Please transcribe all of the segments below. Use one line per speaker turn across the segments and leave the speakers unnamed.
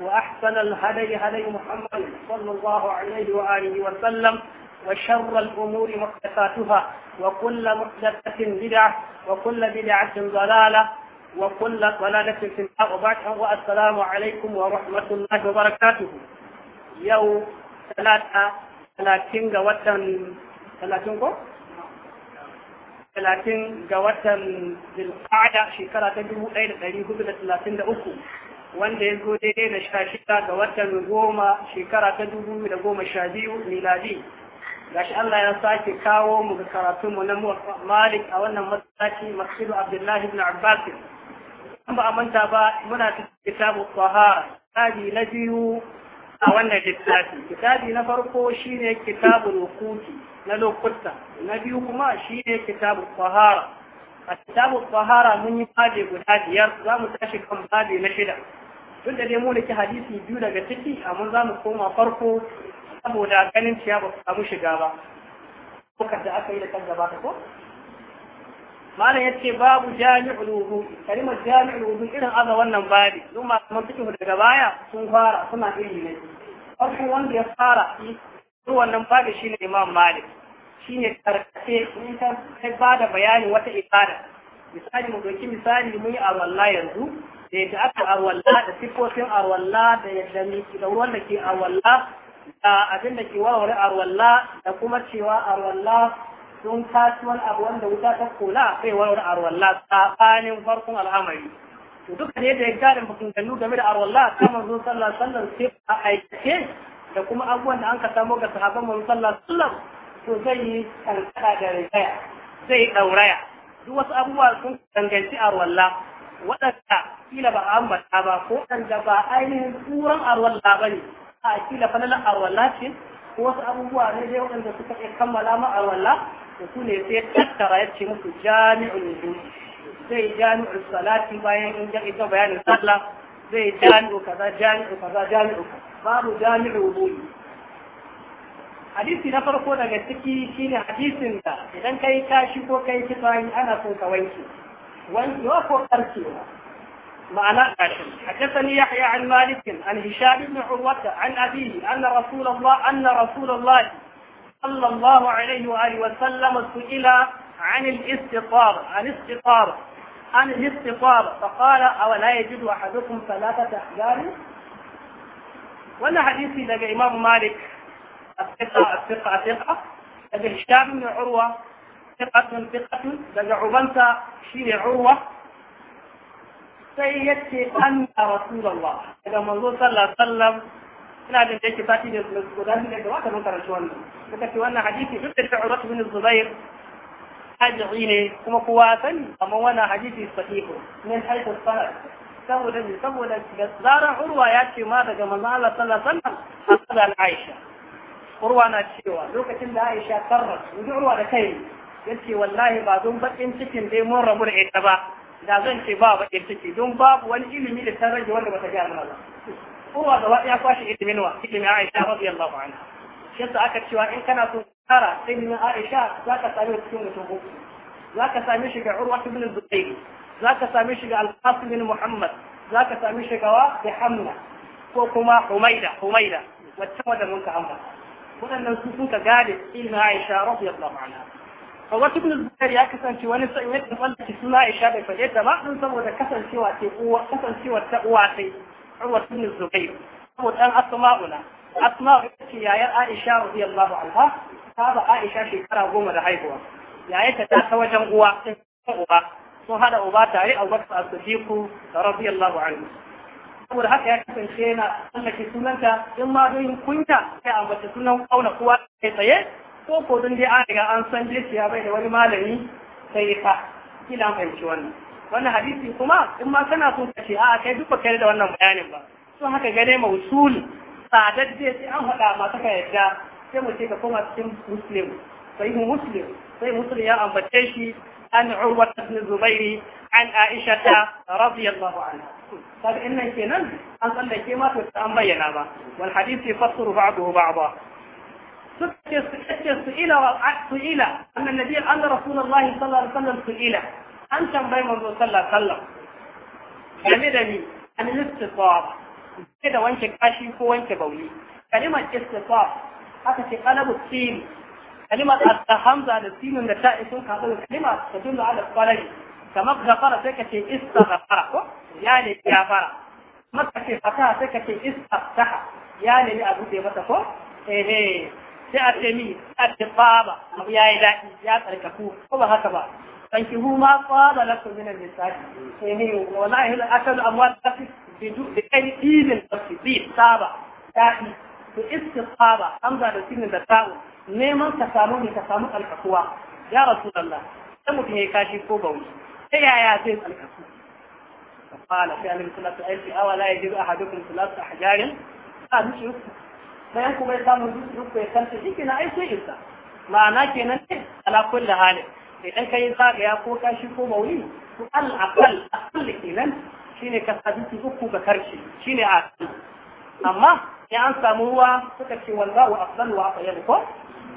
وأحسن الهدي هدي محمد صلى الله عليه وآله وسلم وشر الأمور محدثاتها وكل محدثة بدعة وكل بدعة ضلالة وكل ضلالة في النار وبعد والسلام عليكم ورحمة الله وبركاته يوم ثلاثة ثلاثين وطن ثلاثين قو ثلاثين قوة بالقعدة شكرا تجمو أين تجمو ثلاثين دا wanda ya zo daidai da sha shida ga watan goma shekara ta dubu da goma sha biyu miladi gashi Allah ya sake kawo mu ga karatun mu na Malik a wannan masallaci Masjidu Abdullahi ibn Abbas an ba a manta ba muna cikin kitabu Tahara kitabi na biyu a wannan littafi kitabi na farko shine kitabu wuquti na lokuta na biyu kuma shine kitabu Tahara a kitabu Tahara mun yi fadi guda biyar za mu tashi kan babi na shida duk da dai da ke hadisi biyu daga ciki amma za mu koma farko saboda ganin ciya ba samu shiga ba lokacin da aka yi da kan gabata ko malam ya ce babu jami'ul wudu kalimar jami'ul wudu irin aza wannan babi duk masu fikihu daga baya sun fara suna iri ne farkon wanda ya fara duk wannan babi shine imam malik shine karkace in ka ba da bayani wata ibada misali mu doki misali mun yi a wallahi yanzu da yadda aka arwalla da sifofin arwalla da yadda miki da ruwan da ke arwalla da abin da ke warware arwalla da kuma cewa arwalla sun tashi wani abu wanda wuta ta kula kai warware arwalla tsakanin farkon al'amari to duka ne da ya gane maganganu game da arwalla ta manzo sallallahu sallar wasallam sai a aikace da kuma abubuwan da an ka samu ga sahabban manzo sallallahu alaihi to zai yi kankada da rigaya zai dauraya duk wasu abubuwa sun danganci arwalla waɗanda kila ba an bata ba ko waɗanda ba ainihin turan arwalla ba ne a kila fanalar arwalla ce ko wasu abubuwa ne dai waɗanda suka iya kammala ma arwalla da su ne sai tattara ya ce musu jami'ul wujud zai jami'ul salati bayan in ga ita bayanin sallah zai jami'u kaza jami'u kaza jami'u babu jami'u wujud hadisi na farko daga ciki shine hadisin da idan kai tashi ko kai fitsari ana so ka wanke وانتواك تركيها معنى هاشم حدثني يحيى عن مالك عن هشام بن عروة عن أبيه أن رسول الله أن رسول الله صلى الله عليه وآله وسلم سئل عن الاستطار عن الاستطار عن الاستطار فقال أولا يجد أحدكم ثلاثة أحجار وأنا حديثي لدى إمام مالك الثقة الثقة الثقة لدى هشام بن عروة fiqatun fiqatun daga ubansa shine urwa sai yace anna rasulullah daga manzo sallallahu alaihi wasallam ina jin da yake sati ne guda ne da wata mun karanci wannan suka ce wannan hadisi duk da urwa bin zubair tabi'i ne kuma kowa sani amma wannan hadisi sahihu min haythu sanad saboda ne saboda da zarar urwa ya ce ma daga manzo Allah sallallahu alaihi wasallam Aisha urwa na cewa lokacin da Aisha tarra urwa da kai yace wallahi ba don bakin cikin dai mun rabu da ita ba da zan ce ba bakin ciki don babu wani ilimi da ta rage wanda bata gaya mana ba kowa gaba ya kwashi ilimin wa ilimin Aisha radiyallahu anha yasa aka cewa in kana so tara ilimin Aisha zaka same cikin mutum uku zaka same shi ga Urwa ibn Zubayr zaka same shi ga Al-Qasim ibn Muhammad zaka same shi ga wa Hamna ko kuma Humaida Humaida wacce wadda mun ka ambata waɗannan su suka gane ilimin Aisha radiyallahu anha Fawwat ibn Zubair ya kasance wani sa'in ya tafi da suna Aisha bai faɗe ta ba don saboda kasancewa ce uwa kasancewa ta uwa sai Fawwat ibn Zubair saboda dan Asma'una Asma'u ita ce yayar Aisha radiyallahu anha ta ba Aisha shekara goma da haihuwa yayarta ta ta wajen uwa uba sun hada uba tare a wasu asibiku da radiyallahu anhu saboda haka ya kasance yana tsallake sunanta in ma don kunya sai ambata sunan kauna kowa kai tsaye ko ko dai an riga an san dai ya bai da wani malami sai ka kila fahimci wannan wannan hadisi kuma in ma kana so ka ce a'a kai duk baka da wannan bayanin ba sun haka gane mausul tsadadde sai an faɗa masu ka yadda sai mu ce ka koma cikin muslim sai mu muslim sai muslim ya ambace shi an urwa ibn zubairi an aisha ta radiyallahu anha kaga innan kenan an tsallake ma to an bayyana ba wal hadisi fasuru ba'dahu ba'da سكر سئلة سئلة أن النبي أن رسول الله صلى الله عليه وسلم سئلة أنت بين الله صلى الله عليه وسلم جميلني أن الاستطاعة كده وانت كاشي فو وانت بولي كلمة استطاعة هذا في قلب السين كلمة الحمزة على السين النتائج كلمة, كلمة تدل على الصلاة كما غفر سكة استغفر يعني غفر ما تكفي فتاة سكة استفتح يعني لأبو ديبتكم إيه sai a ce mi a ce faba abu ya yi daɗi ya tsarkaku ko ba haka ba sanki hu ma faba na ku minan lissafi sai ne wala ihil akalu amwal tafi bi du bi kai idin tafi bi saba daɗi to istiqaba hamza da sinin da ta'u neman ka samu ne ka samu tsarkakuwa ya rasulullah sai mutum ya kashi ko bauri ta yaya zai tsarkaku فقال فعلا ثلاثة ألف أولا يجب أحدكم ثلاثة أحجار قالوا شوفوا bayan kuma ya samu duk ya kanta shi kina ai sai isa ma'ana kenan ne ala kulli hali idan kai zagaya ko kashi ko mauli to al aqal aqal kenan shine ka ki uku ga karshe shine a amma ya an samu ruwa suka ce wallahu afdal wa atayyibu ko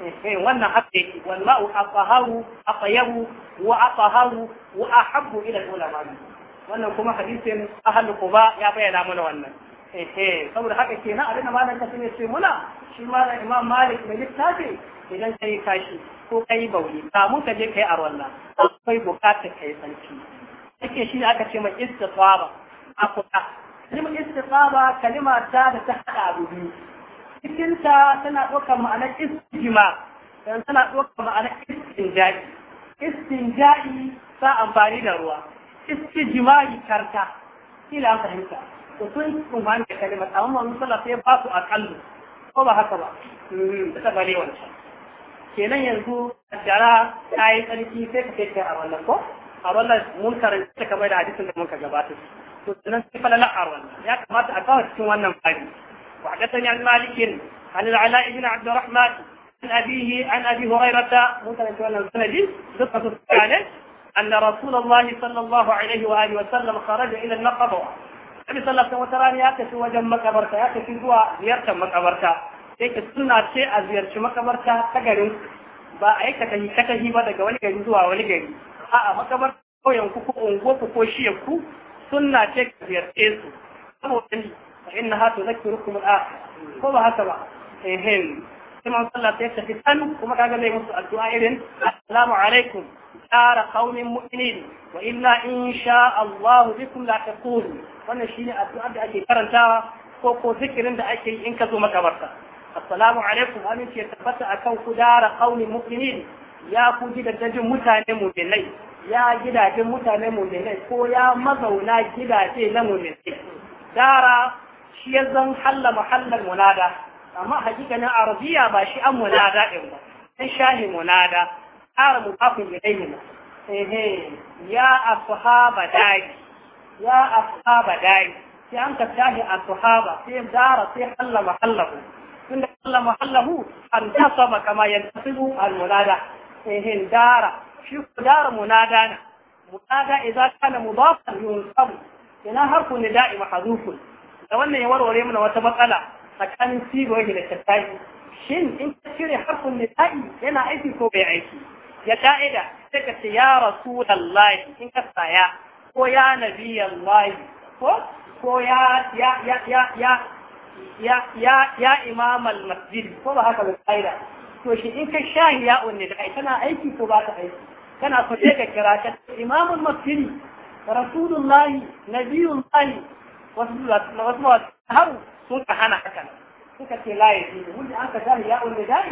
eh wannan haka wallahu afaharu atayyibu wa afaharu wa ahabbu ila ulama wannan kuma hadisin ahlul quba ya bayyana mana wannan ehe saboda haka kenan abin da malam kasu ya ce muna shi malam imam malik da littafi idan yi kashi ko ka kai bauli kamun ka je ka yi kai arwalla akwai bukatar yi sarki yake shi aka ce mai istisaba akuta kalimar istisaba kalima ta da ta haɗa abu biyu cikin tana ɗaukar ma'anar istijma dan tana ɗaukar ma'anar istinja'i istinja'i sa amfani da ruwa istijma'i karta kila an fahimta to sun umarni da kalimar amma manzon sallah sai ba su akallu ko ba haka ba da ta bale wancan kenan yanzu jara ta yi tsarki sai ka kai a wannan ko a wannan mun karanta kamar da hadisin da muka gabata to sannan sai falala a wannan ya kamata a kawo cikin wannan babi wa hadathani an malikin an al-ala ibn abd arrahman an abihi an abi hurairah mun karanta wannan sanadi dukkan su tsane أن رسول الله صلى الله عليه وآله وسلم خرج إلى النقبة Nabi sallallahu alaihi wata rana ya tafi wajen makabarta ya tafi zuwa ziyartar makabarta yake suna ce a ziyarci makabarta ta garin ba a yi katahi katahi ba daga wani gari zuwa wani gari a'a makabarta kauyen ku ko unguwar ku ko shiyar ku suna ce ka ziyarce su saboda ni fa inna ha tuzakkirukum al-akhir ko ba haka ba eh eh sai man sallah sai ta fitan kuma kaga mai musu addu'a irin assalamu alaikum dara qaumin mu'minin wa inna insha Allah bikum la taqulu wannan shine addu'ar da ake karantawa ko ko zikirin da ake yi in ka zo makabarta assalamu alaikum aminci tabbata akan ku dara qaumi mu'minin ya ku gidajen mutane mu'minai ya gidajen mutane mu'minai ko ya mazauna gidaje na mu'minai dara shi ya zan halla muhallar munada amma hakikanin arabiya ba shi an munada din ba sai shahi munada ƙara mutafin gidayen ya asfahaba dagi ya ashaba dai sai an ka tashi ashaba sai dara sai halla mahallahu tun da halla mahallahu an tasaba kama yantasibu al munada ehin dara shi ku dara munada munada idza kana mudafan yunsabu ina harfu nida'i mahdhufun da wannan ya warware mana wata matsala tsakanin sigoyi da tattayi shin in ka cire harfin nida'i yana aiki ko bai aiki ya ka'ida sai ya in ka saya ko ya nabiyan layi ko ya ya ya ya masjid ko ba haka ba kaida to shi in ka shahi ya unni da ai tana aiki ko ba ta aiki kana so ka kira ka imam al-masjid rasulullah nabiyullah wasu har sun ka hana haka suka ce la ya ji wanda aka shahi ya unni da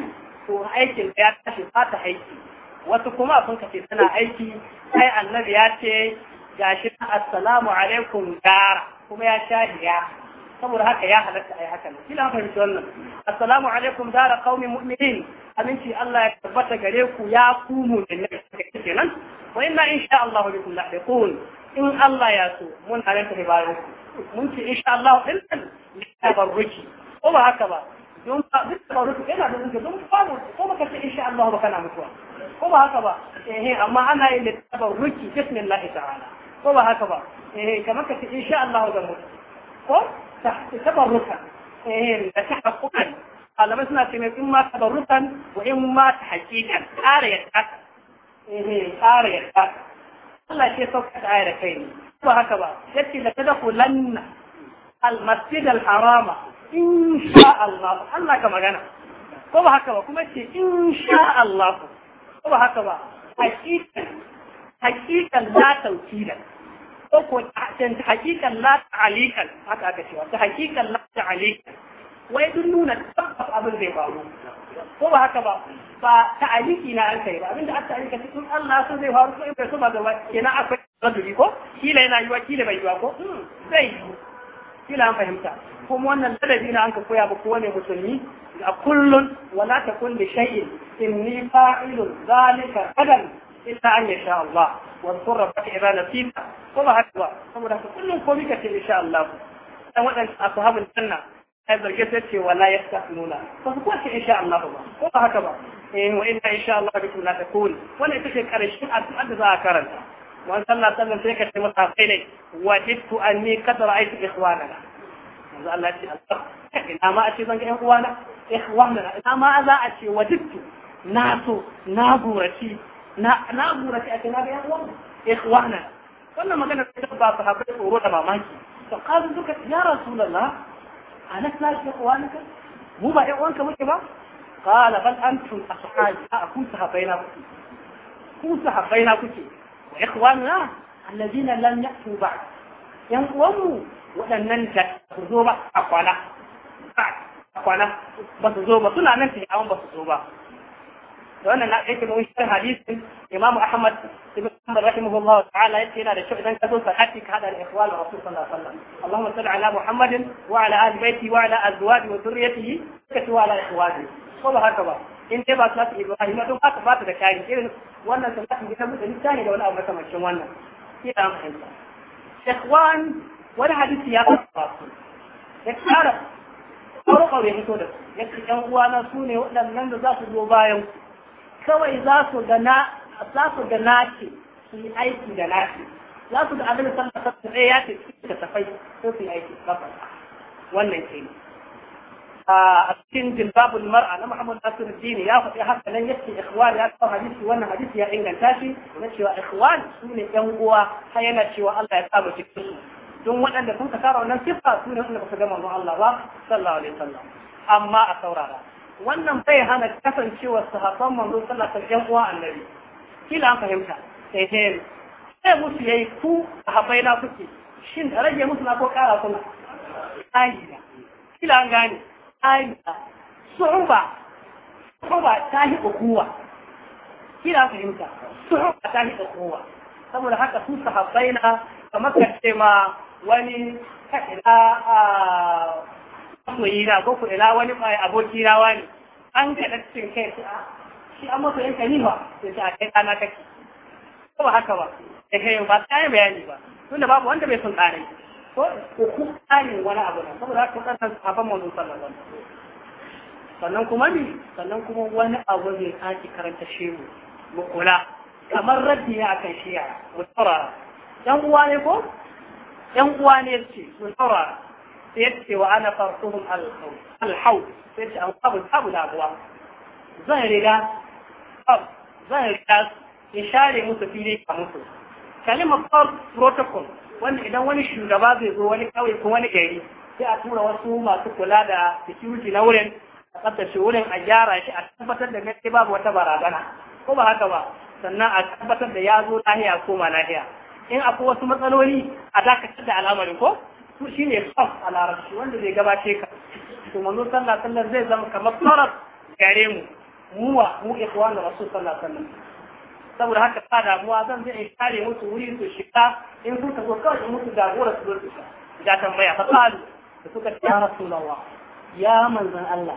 to aikin ya tashi ba ta aiki wasu kuma sun ka ce tana aiki sai annabi ya ce gashi assalamu alaikum gara kuma ya shahiya saboda haka ya halatta ai haka ne kila fahimci wannan assalamu alaikum dara qaumin mu'minin aminci Allah ya tabbata gare ku ya ku mu'minin kenan wa inna insha Allah bikum lahiqun in Allah ya so mun halatta ribayo mun ce insha Allah din da barruki ko ba haka ba don ba duk barruki yana da dinka don ba ko baka ce insha Allah ba kana mutuwa ko ba haka ba eh amma ana yin da tabarruki bismillah ta'ala هو هكذا إيه، كما كنت إن شاء الله دمود قل تبركا إيه، تحرق قطعا قال مثلا كمية إما تبركا وإما تحجيكا آرية تحرق إيه، آرية تحرق الله شيء صفت آرية كين هو هكذا يتي لتدخلن المسجد الحرام إن شاء الله الله كما قنا هو هكذا كما يتي إن شاء الله هو هكذا حقيقا حقيقا لا توكيدا ko ko ta hakikan la ta'alikan haka aka cewa ta hakikan la ta'alikan wai dun nuna tabbas abin zai faru ko ba haka ba ba ta'aliki na an kai ba abinda aka ta'alika cikin Allah so zai faru ko in bai so ba gaba kenan akwai raduri ko kila yana yiwa kila bai yiwa ko hmm, zai yi kila an fahimta kuma wannan ladabi na an ka koya ba kowane musulmi a kullun wala ta kulli shay'in inni fa'ilun zalika adam إلا أن شاء الله وانقر ربك اذا نسيت والله أكبر أمر أكبر كل قومك إن شاء الله أولا أصحاب الجنة هذا الجسد ولا يستحنون فسكوك إن شاء الله والله أكبر إيه وإن إن شاء الله بكم لا تكون ولا تشك أن الشمعة تؤدي ذاكرا وأن صلى الله عليه وسلم في مصحفين وجدت أني قد رأيت إخواننا وأنزل الله أتي ما أتي إخواننا إخواننا إن ما أذا أتي وجدت ناس ناظرتي na na gura sai a ce na ga yan uwan ikhwana wannan magana ta ba su haɓe tsoro da mamaki to kazu duka ya rasulullah anas na shi ikhwanaka mu ba yan uwanka muke ba qala bal antum ashabi a kun na kuke kun na kuke wa ikhwanuna alladhina lam yatu ba. yan uwanmu waɗannan da su zo ba a kwana a kwana ba su zo ba suna nan ta ba su zo ba wannan na ɗauke mun shi hadisin Imam Ahmad ibn Hanbal ta'ala yace yana da kyau idan ka zo salati ka hada da ikhwan Rasul sallallahu alaihi wasallam Allahumma salli ala Muhammadin wa ala ali baiti wa ala azwaji wa dhurriyyatihi ka tuwa ala ikhwani ko ba haka ba in dai ba salatu Ibrahim don haka ba ta da kari irin wannan salatin da mutum ne da wani abu makamancin wannan sai da fahimta ikhwan wani hadisi ya kafa su ya tsara farko ya fito da su yake yan uwana su ne waɗannan da za su zo bayan ku kawai za su ga na za su ga nace yi aiki da nace za su ga abin da sallah eh, sallah sai ya ce cikin tafai ko su yi aiki kafa wannan ke ne a cikin jilbabul mar'a na Muhammad Nasir Dini ya faɗi haka nan yace ikhwan ya kawo hadisi wannan hadisi ya inganta shi na cewa ikhwan su ne ɗan uwa har yana cewa Allah ya saba cikin su don waɗanda sun ka tara wannan sifa su ne wanda ba su ga manzon Allah ba sallallahu alaihi wasallam amma a saurara wannan bai hana kasancewa sahaban manzo sallallahu alaihi wasallam uwa annabi kila an fahimta sai eh sai musu yayi ku sahabbai na kuke shin da rage musu na ko kara kuna ayyana kila an gane ayyana suhuba suhuba ta yi kowa kila an fahimta suhuba ta yi kowa saboda haka su sahabbai na kamar kace ma wani kaɗa masoyina ko ku ila wani aboki na wani an kaɗa cikin kai su a shi an masoyin yanka ni ba sai ta kai ɗana kake ko ba haka ba da kai ba ta yi bayani ba tunda babu wanda bai son ƙarai ko ku ƙarin wani abu ne saboda haka kun san sahabban manzon sallallahu alaihi wasallam sannan kuma ni, sannan kuma wani abu zai sake karanta shehu mu kula kamar raddi ne akan shiya mu saurara yan uwa ne ko yan uwa ne ce mu saurara ce wa ana farquhum al-haw yace an qabu qabu da abuwa zan riga zan riga in share musu fili ka musu kalimar farq protocol wanda idan wani shugaba zai zo wani kawai ko wani gari sai a tura wasu masu kula da security na wurin a tsaftace wurin a gyara shi a tabbatar da gaske babu wata barazana ko ba haka ba sannan a tabbatar da ya zo lahiya koma ma lahiya in akwai wasu matsaloli a dakatar da al'amarin ko su ne qaf a larabci wanda zai gabace ka to manzo sallallahu alaihi zai zama kamar taraf gare mu muwa mu ikhwanu rasul sallallahu alaihi wasallam saboda haka ta damuwa zan zai kare musu wuri su shiga in sun tafi kawai in musu jagora su zo su ga tambaya fa qalu da suka ce ya rasulullah ya manzon Allah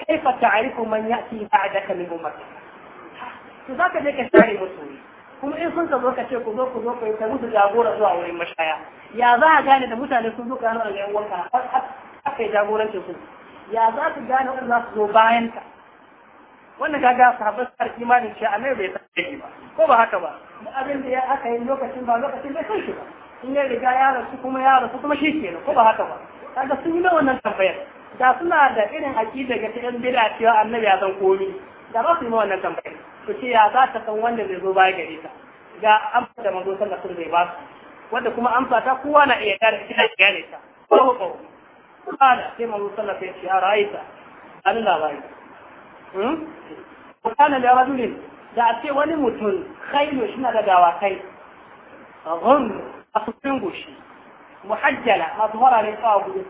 kaifa ta'rifu man ya'ti ba'daka min ummatik to zaka je ka share musu wuri kuma in sun ka ka ce ku zo ku zo ku kai musu jagora zuwa wurin mashaya ya za a gane da mutane sun zo kanu daga yan wanka aka yi jagorancin su ya za su gane wanda za su zo bayan ka wannan ka ga sahabbai su karki ma ce a mai bai san ba ko ba haka ba da abin da ya aka yi lokacin ba lokacin bai san shi ba in ya riga ya rasu kuma ya rasu kuma shi kenan ko ba haka ba kaga sun yi na wannan tambayar da suna da irin aƙidar ga ta yan bid'a cewa annabi ya san komi da ba su yi ma wannan tambayar su ce ya za ta san wanda zai zo baya gare ta ga amsa da manzo sallallahu alaihi wasallam bai ba su wanda kuma amsa ta kowa na iya gane ita da gane ta babu kawo kana sai manzo sallallahu alaihi wasallam ya ra'aita an labari hmm kana da rajulin da a ce wani mutum khailu shi na da dawakai ghurr a cikin goshi muhajjala mazhara ne kawo uku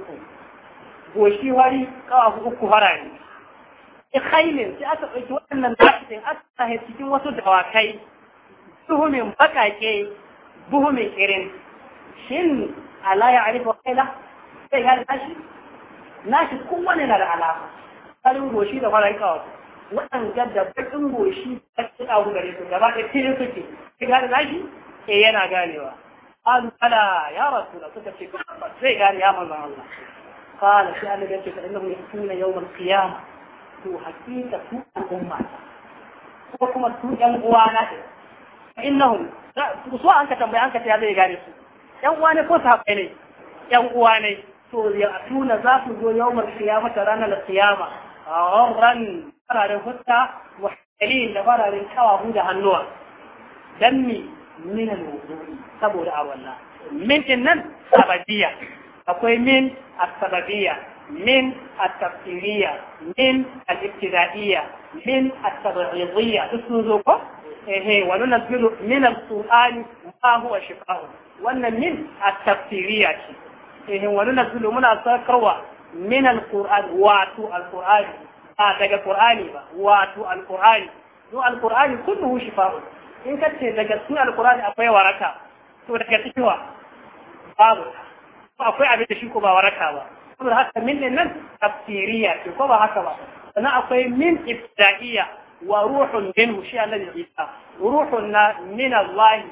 goshi wari kawo uku harare ikhailin sai aka ɗauki waɗannan dakitin aka sahi cikin wasu dawakai tuhumin bakake buhumin irin shin ala ya arifa kaila sai ya nashi nashi kowane na da alama farin goshi da farin kawo waɗanda da baƙin goshi da su ɗagu gare su gaba da fili suke sai gane nashi eh yana ganewa قالوا بلى يا رسول الله تكفي زي قال يا مولى الله قال في أن فإنهم يأتون يوم القيامة to hakika su al'umma ko kuma su yan uwa na ɗin innahum su an ka tambaya an ka ya zai gane su yan uwa ne ko sahabbai ne yan uwa ne to ya tuna za su zo yawmar ta ranar qiyama ran fararen hutta wa halin da fararen kawahu da hannuwa dan mi min al-wudu'i saboda a wannan min nan sabadiyya akwai min a sabadiyya من التفسيرية من الابتدائية من التبعيضية تسنزوكو إيه وننزل من القرآن ما هو شفاء وأن من التفسيرية إيه وننزل من السكروة من القرآن واتو القرآن هذا آه القرآن واتو القرآن دو القرآن كله شفاء إن كنت تجسني القرآن أقوى وركا تو تجسني باب akwai abin da shi ko saboda haka min din nan tafsiriya ce ko ba haka ba sannan akwai min ibtidaiya wa ruhun minhu shi annabi Isa ruhun na min Allah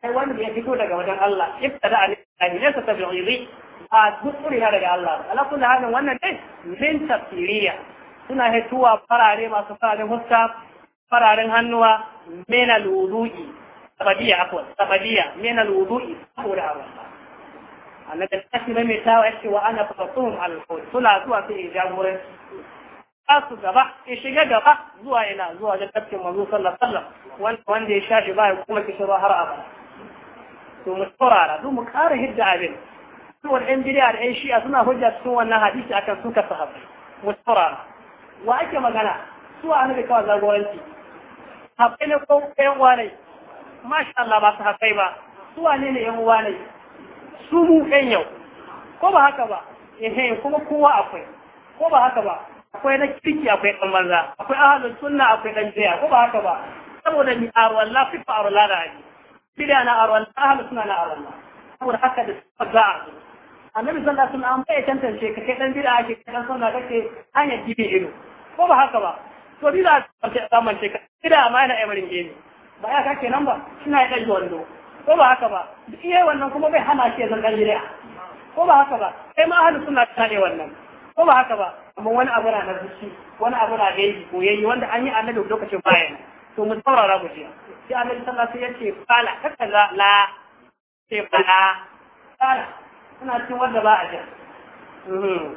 sai wanda ya fito daga wajen Allah ibtada an ne sa tabi'i a gutsuri na daga Allah ala kullu halin wannan dai min tafsiriya suna hituwa farare masu fararen huska fararen hannuwa min al-wudu'i sabadiya afwan sabadiya min al-wudu'i saboda Allah annabi tashi mai mai tawa yake wa ana fatuhum al suna zuwa sai jagoran su gaba ya shiga gaba zuwa ina zuwa ga tafkin manzo sallallahu alaihi wasallam wanda ya shafi ba ya kuma kishiro har abada to mu saurara duk mu kare hidda abin su wal yan bid'a da yan shi'a suna hujja cikin wannan hadisi akan suka sahabbai mu saurara wa ake magana su a annabi kawai jagoranci sahabbai ne ko yan uwa ne masha Allah ba su sahabbai ba su wane ne yan uwa ne su mu ɗan yau ko ba haka ba ehe kuma kowa akwai ko ba haka ba akwai na kirki akwai ɗan banza akwai ahalin sunna akwai ɗan jiya ko ba haka ba saboda ni fi a arwallah da aji bida na arwallah ahalin suna na arwallah saboda haka da suka za a zo annabi sallallahu alaihi wasallam bai tantance ka kai dan bid'a ake kan sunna kake hanyar dibi ido ko ba haka ba to bid'a ta zamance ka bid'a ma yana emirin gene ba ya kake nan ba suna ya ɗan wando ko ba haka ba duk yayi wannan kuma bai hana shi ya zan ko ba haka ba kai ma ahlus suna ta ne wannan ko ba haka ba amma wani abu na zuci wani abu na gaibi ko yayi wanda an yi annabi lokacin bayan to mu saurara mu ji sai annabi sallallahu alaihi wasallam yace fala kaka la la sai fala fala suna cin wanda ba a ji mm-hmm.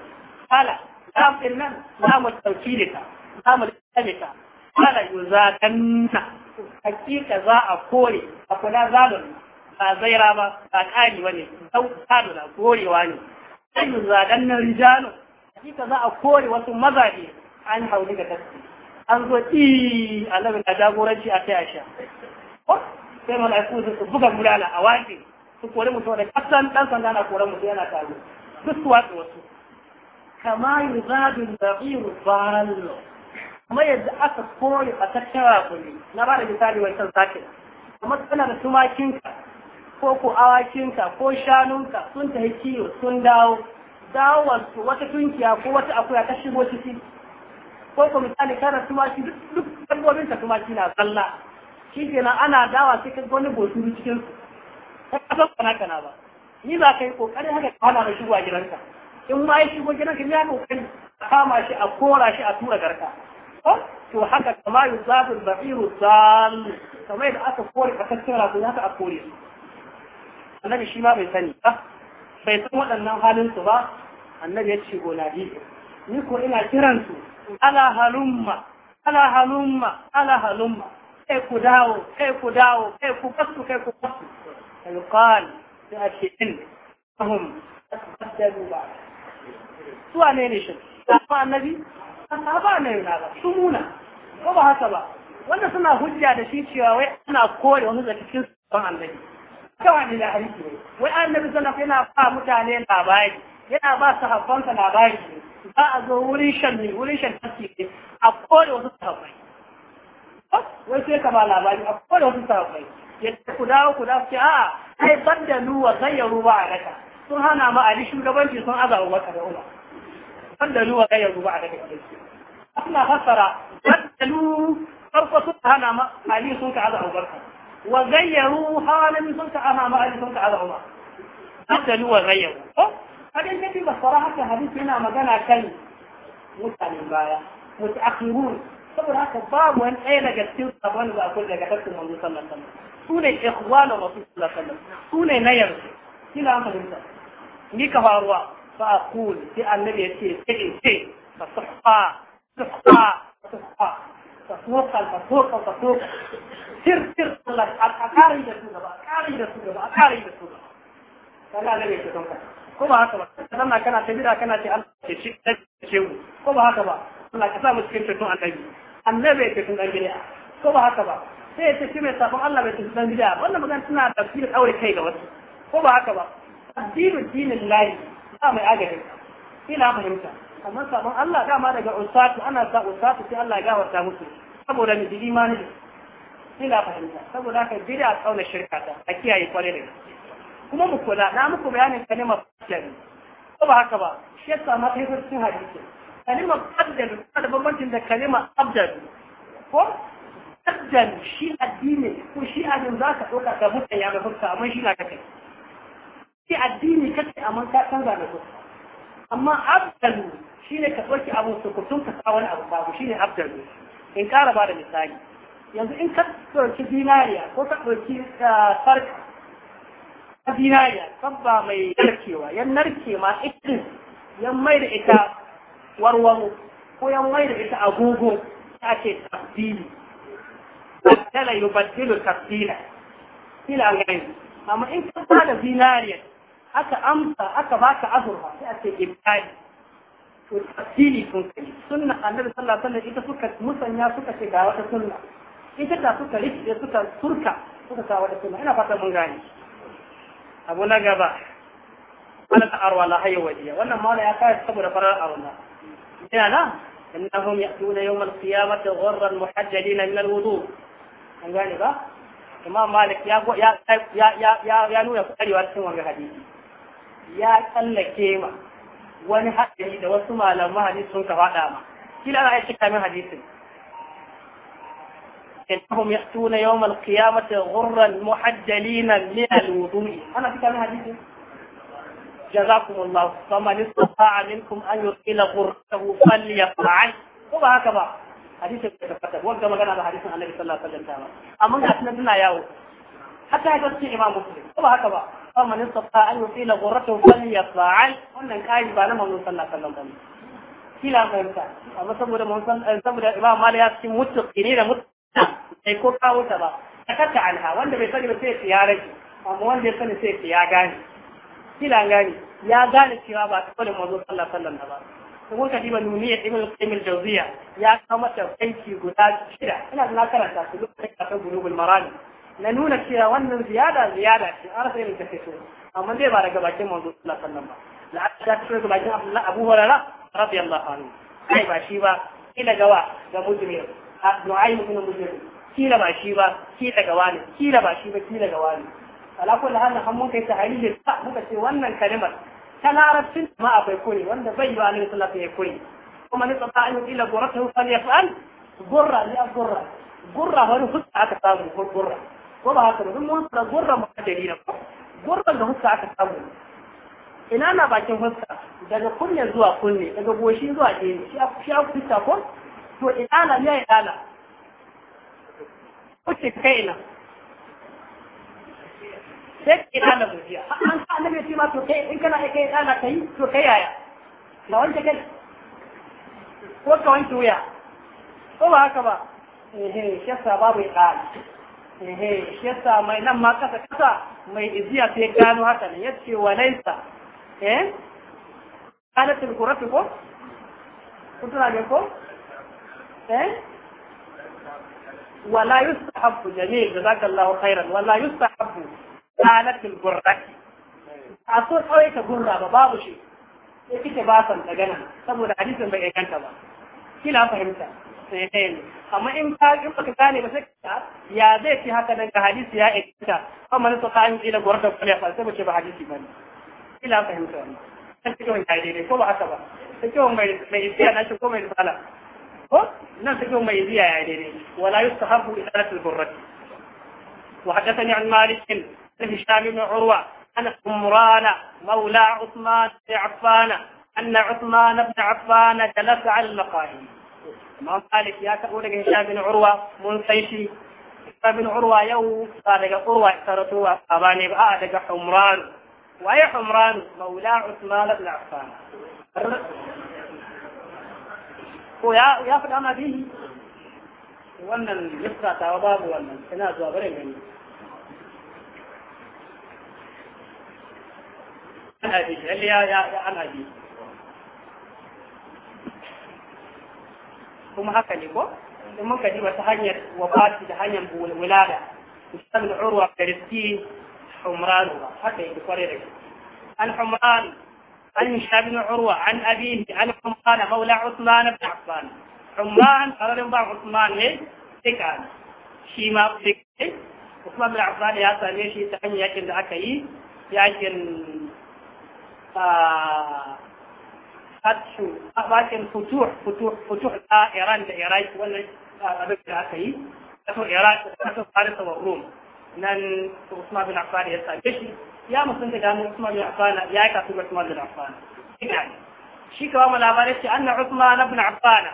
fala lam din nan za mu mu tawkidika lamu tawkidika fala yuzakanna hakika za a kore a kula zalun ba zaira ba ba kari ba ne sau kadu na korewa ne yi zadan nan rijano hakika za a kore wasu mazaje an ni ga tafi an zo a annabi na jagoranci a sai a sha oh, sai mala'iku su buga mulala a waƙe su kore mutum da kasan ɗan sanda na kore mutum yana tare duk su watsa wasu kama yuzadu al-ba'ir dhallu kuma yadda aka kore tattara kuri na ba da misali wancan sake kuma kana da tumakinka ko ko awakinka ko shanunka sun tafi kiyo sun dawo su wata tunkiya ko wata akuya ta shigo ciki ko ko misali kana tumaki duk dabbobin ka tumaki na zalla shi kenan ana dawa sai ka gani boturu cikin su ta kasan kana kana ba ni ba kai kokarin haka ka hana da shigo a gidanka in ma ya shigo gidanka ni ya kokari a kama shi a kora shi a tura garka to haka kama yuzabul ba'iru sal kamar yadda aka kore a cikin rafi haka a kore annabi shi ma bai sani ba bai san waɗannan halin su ba annabi ya ce gonadi ni ko ina kiran su ala halumma ala halumma ala halumma kai ku dawo kai ku dawo kai ku kasu kai ku kasu alqal ce in ba ne ne shi amma annabi ba ne yana ba su muna ko ba haka ba wanda suna hujja da shi cewa wai ana kore wani daga cikin sabon annabi kawai ne da hadisi ne wai annabi sallallahu yana ba mutane labari yana ba sahabbansa labari za a zo wurin shan ne wurin shan ne a kore wasu sahabbai wai sai ka ba labari a kore wasu sahabbai yadda ku dawo ku dawo ce a'a ai da nuwa zayyaru ba a raka sun hana ma ali shugabanci sun azabu maka da umar قندلو وغيره بعد ذلك أما غفر قندلو فرصة هنا مالي سلك على عبر وغيره حالا من سلك أما مالي سلك على عبر قندلو وغيره هذا النبي بصراحة حديث هنا مجانا كان متعلم بايا متأخرون صبر هكا باب وان اينا جتير طبان وأقول لك أكبر من الله صلى الله عليه وسلم سوني إخوان الرسول صلى الله عليه وسلم سوني نير كلا عمل الله ميكا هو أرواح فأقول في النبي يتي سئ سئ فصحفا سر سر الله أكاري أكاري أكاري فلا نبي يتنقى كما هكذا كان تبيرا كان كما هكذا da kai ba mai agajin ina fahimta amma sabon Allah dama daga usatu ana sa usatu sai Allah ya gawarta musu saboda ni imani ina fahimta saboda haka bid'a kaula shirka ta a kiyaye kware da kuma mu kula na muku bayanin kalimar fasiya ko ba haka ba shi sa ma kai cikin hadisi kalimar abdal da bambancin da kalimar abdal ko abdal shi addini ko shi a zaka doka ka mutan ya ga amma shi na kake sai addini kake amma ka canza da su amma abdalu shine ka ɗauki abu su kutum ka sa wani abu babu shine abdalu in ƙara ba da misali yanzu in ka ɗauki dinariya ko ka ɗauki eh, sarka ta dinariya sabba mai narkewa yan narke ma ikin yan mai da ita warwaro ko yan mai da ita agogo ta ce tafdili tala yubaddilu tafdila ila gani amma in ka ba da dinariya aka amsa aka baka azurfa sai a ce ibtai to tafsiri sun kai sunna annabi sallallahu alaihi wasallam ita suka musanya suka ce ga wata sunna ita ta suka rike suka turka suka sa wata sunna ina fata mun gane abu na gaba ana ta arwa la hayya wadiya wannan mala ya kai saboda farar arwa ina na innahum ya'tuna yawm al-qiyamati ghurran muhajjalin min al-wudu an gane ba imam malik ya ya ya ya ya nuna kwarewa cikin wannan hadisi ya tsallake ma wani haɗari da wasu malaman hadisi sun ka faɗa ma kila ana aiki kamin hadisin إنهم يأتون يوم القيامة غرا محجلين من الوضوء أنا في كلام حديث جزاكم الله فمن استطاع منكم أن يرسل غرته فليفعل وهكذا حديث يتفتح وقت ما كان هذا حديث النبي صلى الله عليه وسلم أما نحن ياو حتى يدرس إمام مسلم طبعا هكذا فمن استطاع أن يطيل غرته فليفعل ومن كان يبان من صلى الله عليه وسلم kila fahimta amma saboda mun san saboda imam ya cikin mutuki ne da mutuki sai ko kawo ta ba takata anha wanda bai sani ba sai ya rage amma wanda ya sani sai ya gane kila gane ya gane cewa ba ta kodin sallah da ba kuma ka diba nuniya ibn qayyim al ya kama mata fanki guda shida ina da na karanta su lokacin kafin bulugul marani ننون فيها ونن زيادة زيادة في أرض من تكسون أما دي بارا قبائل موضوع لا تنمى لا تكسون قبائل عبد الله أبو هريرة رضي الله عنه أي باشيبا كلا جوا جمجمير أبن عيم من المجرم كلا باشيبا كلا جواني كلا باشيبا كلا جواني على كل حال نحن ممكن تحليل الطاق ممكن تيوانا الكلمة كان عرب سن ما أبي كوني وانا بيو عن الله في كوني وما نطلع عنه قرته فليفعل قرة لأقرة قرة هو حتى عكتابه هو ko ba haka domin mun da gurran mu dalilin ko gurran da huska aka samu ina na bakin huska daga kunne zuwa kunne daga goshi zuwa ɗaya shi a shi a fuska ko to ina na ya ina na kuce kai ina. sai ina na mujiya an ka annabi ce ma to kai in kana kai ina na kai to kai yaya na wanke kai ko ka wanke wuya ko ba haka ba eh eh shi babu ya ƙara ehe shi yasa mai nan ma kasa kasa mai iziya sai gano haka ne yace wa laisa eh alatul quratu ko kutura ne ko eh wala yustahabbu jami' jazakallahu khairan wala yustahabbu alatul qurati a so kawai ka gurra ba babu shi sai kike ba san ta gana saboda hadisin bai inganta ba kila fahimta سيخيني أما إن فاجئ ثاني بسكتا يا ذاتي هكذا كحديث يا إكتا أما نتطعن إلى قرد وقلي أخوة سبك بحديثي من إلا فهم كرم نتكوه يحديني كوب عصبا نتكوه ميزيا نتكوه ميزالا هو نتكوه ميزيا يحديني ولا يستحب إزالة القرد وحدثني عن مالك الهشام بن عروة أن عمران مولى عثمان بن عفان أن عثمان بن عفان جلس على المقاهي ما قالك يا لك هشام بن عروة من منصيشي هشام بن عروة يو لك عروة اكترتوا أباني بآدك حمران وأي حمران مولى عثمان بن عفان ويا يا فد انا دي وانا لسه تواب وانا انا زابر من هذه اللي يا يا انا به kuma haka ne ko in muka ji wata hanyar wafati da hanyar wulada misal urwa da riski umran haka yake kware da an umran an shabin urwa an abihi an umran maula usman ibn affan umran kararin ba usman ne tika shi ma tika usman ibn affan ya same shi ta hanyar yakin da aka yi yakin ah, hatsu a bakin futuh futuh futuh a Iran da Iraq wannan abin da aka yi kasar Iraq kasar Faris da Rum nan Usman bin Affan ya sake shi ya musun da gano Usman bin Affan ya yi kasu Usman bin Affan shi kawo mu labarai ce anna Usman bin Affan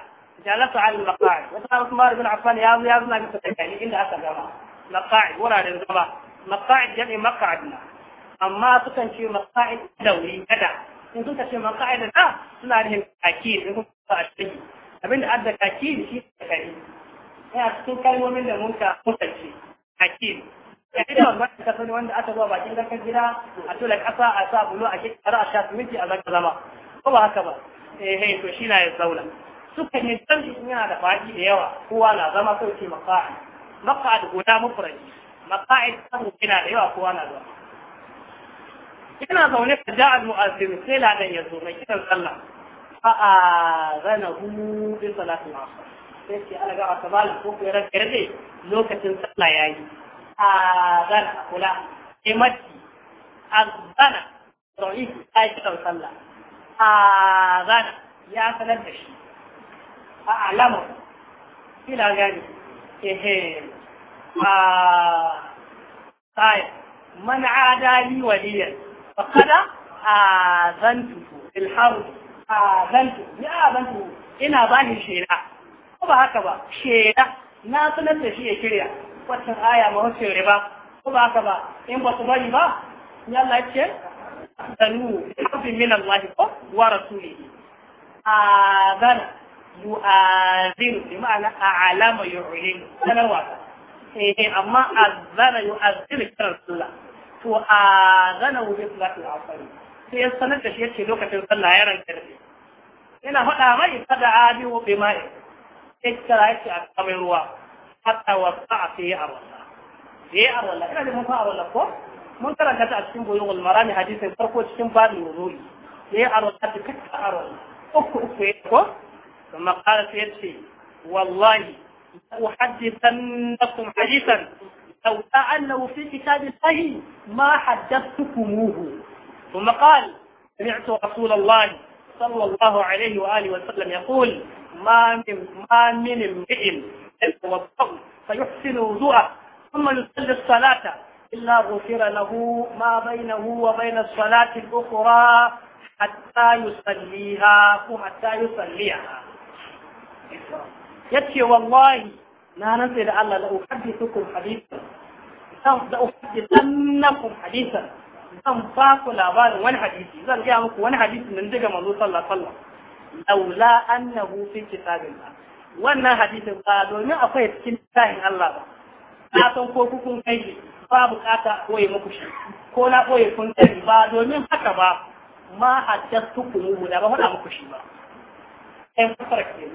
jalasa al maqa'i wata Usman bin Affan ya ya zo na ga inda aka gama maqa'i wuraren zama maqa'i jami'i maqa'idna amma sukan ce maqa'id dauri kada in sun kace man ka'ida na ah, suna rihin kaki in kun ba a ciki abin da adda kaki shi ne kari ina cikin kalmomin da mun ka mutance kaki kaki da wannan ta sani wanda aka zuwa bakin garkar gida a tula kasa a sa bulu a shekara a sha siminti a zaka zama ko ba haka ba eh eh to shi na ya zauna suka ne canji yana da faɗi da yawa kowa na zama sauke maka'id maka'id guda mufradi maka'id sabu gina da yawa kowa na zama yana zaune ka ja al-mu'azzin sai ladan ya zo mai kiran sallah fa hu bi salatul asr sai ki alaga a tabal ko ko ran garde lokacin sallah yayi azan kula imati azana yi sai kiran sallah azan ya sanar da shi a alama ila gani ehe a sai man adali waliyan fada a zantu ilharu a zantu ya zantu ina ba ni shera ko haka ba shera na sanar da ya shirya wata aya ma wasu yare ba ko ba haka ba in ba su bari ba ya lace danu harfin min Allah ko wa rasuli a zan yu a zin bi ma'ana a alama yu'lin sanarwa eh, eh amma azzana yu'azzina kira sallah to a zana wuce salatul asari sai ya sanar da shi yace lokacin sallah ya ranka da yana faɗa mai kada abi wa bi mai sai kira yace a kamar ruwa hatta wa sa'a sai ya arwala sai arwala ina da mun fa arwala ko mun karanta ta a cikin buyuwul marami hadisin farko cikin babin wuzuri sai arwala ta kakka arwala uku uku ya ko kuma qala sai yace wallahi la uhaddithannakum hadithan لو أعلم في كتاب الله ما حدثتكموه ثم قال سمعت رسول الله صلى الله عليه وآله وسلم يقول ما من ما من امرئ يتوضأ فيحسن وضوءه ثم يصلي الصلاة إلا غفر له ما بينه وبين الصلاة الأخرى حتى يصليها حتى يصليها يبكي والله لا ننسى الله لأحدثكم حديثا zan da ukhbirannakum hadisan zan ba ku labarin wani hadisi zan gaya muku wani hadisi nan daga manzo sallallahu alaihi wasallam laula annahu fi kitabillah wannan hadisin ba domin akwai cikin tsarin Allah ba na san ko kun kai shi ba bukata koyi muku shi ko na koyi kun sani ba domin haka ba ma haddastu ku mu da ba faɗa muku shi ba ɗayan fasara ke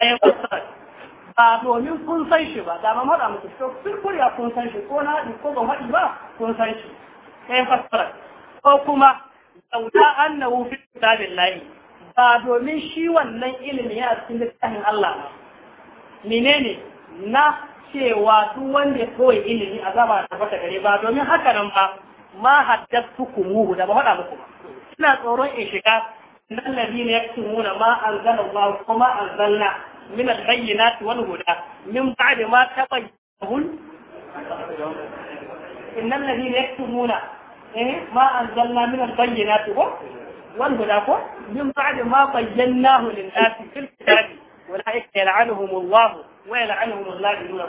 ɗayan fasara ba domin kun san shi ba da mamar mutu to sun kuriya kun san shi ko na ko ban haɗi ba kun san shi sai fasara ko kuma sauda annahu fi kitabillahi ba domin shi wannan ilimi ya cikin littafin Allah ba. menene na cewa duk wanda ya koyi ilimi a zama da bata gare ba domin haka nan ba ma haddattu kumuhu da ba faɗa muku ba ina tsoron in shiga nan ladina yaktumuna ma zana ba, kuma anzalna من البينات والهدى من بعد ما تبين إن الذين يكتمون ما أنزلنا من البينات والهدى من بعد ما بيناه للناس في الكتاب أولئك يلعنهم الله ويلعنهم اللاجئون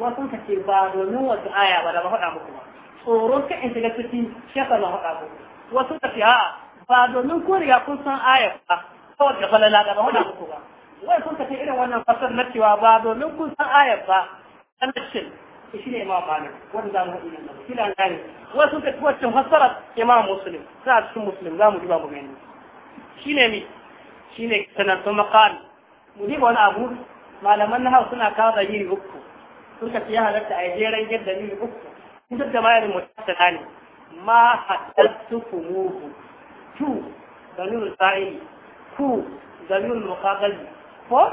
wasan ka ce ba domin wasu aya ba da ba muku ba tsoron ka in shiga ciki shafa na faɗa muku wasu ka ce a'a ba domin ko riga kun san aya ba kawai da falala da ba muku ba wai kun ka irin wannan fasar na cewa ba domin kun san ayar ba annashin shi ne imam malik wanda za mu haɗu nan shi an gani wai kun ka ci waccan fasarar imam muslim za a cikin muslim za mu duba mu gani shi ne mi shi ne sanar sun makani mu diba wani abu malaman na hau suna kawo yiri uku sun ka ya halatta a jeren yadda yiri uku kun duk da bayanin mutattara ne ma haddatu kumuhu tu dalilul sa'ili ku dalilul muqabali كفر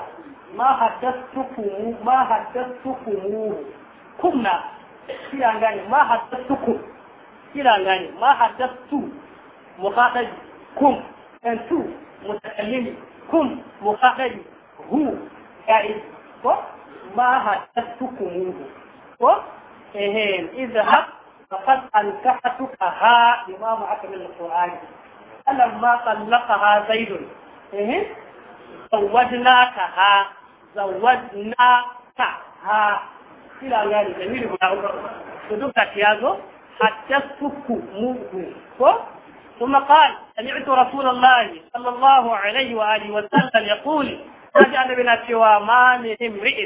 ما حدثتكم ما حدثتكم كنا كلا غني ما حدثتكم كلا غني ما حدثت مخاطب كم انتو متكلم كم مخاطب هو قاعد يعني ما حدثتكم إيهين اذهب فقد أنكحتك ها إمام أكمل القرآن فلما طلقها زيد إيهين زوجناكها زوجناكها kila gani dalili guda uku to duka ya zo hatta suku mugu ko ثم قال سمعت رسول الله صلى الله عليه وآله وسلم يقول هذا أنا بنا سوى ما من امرئ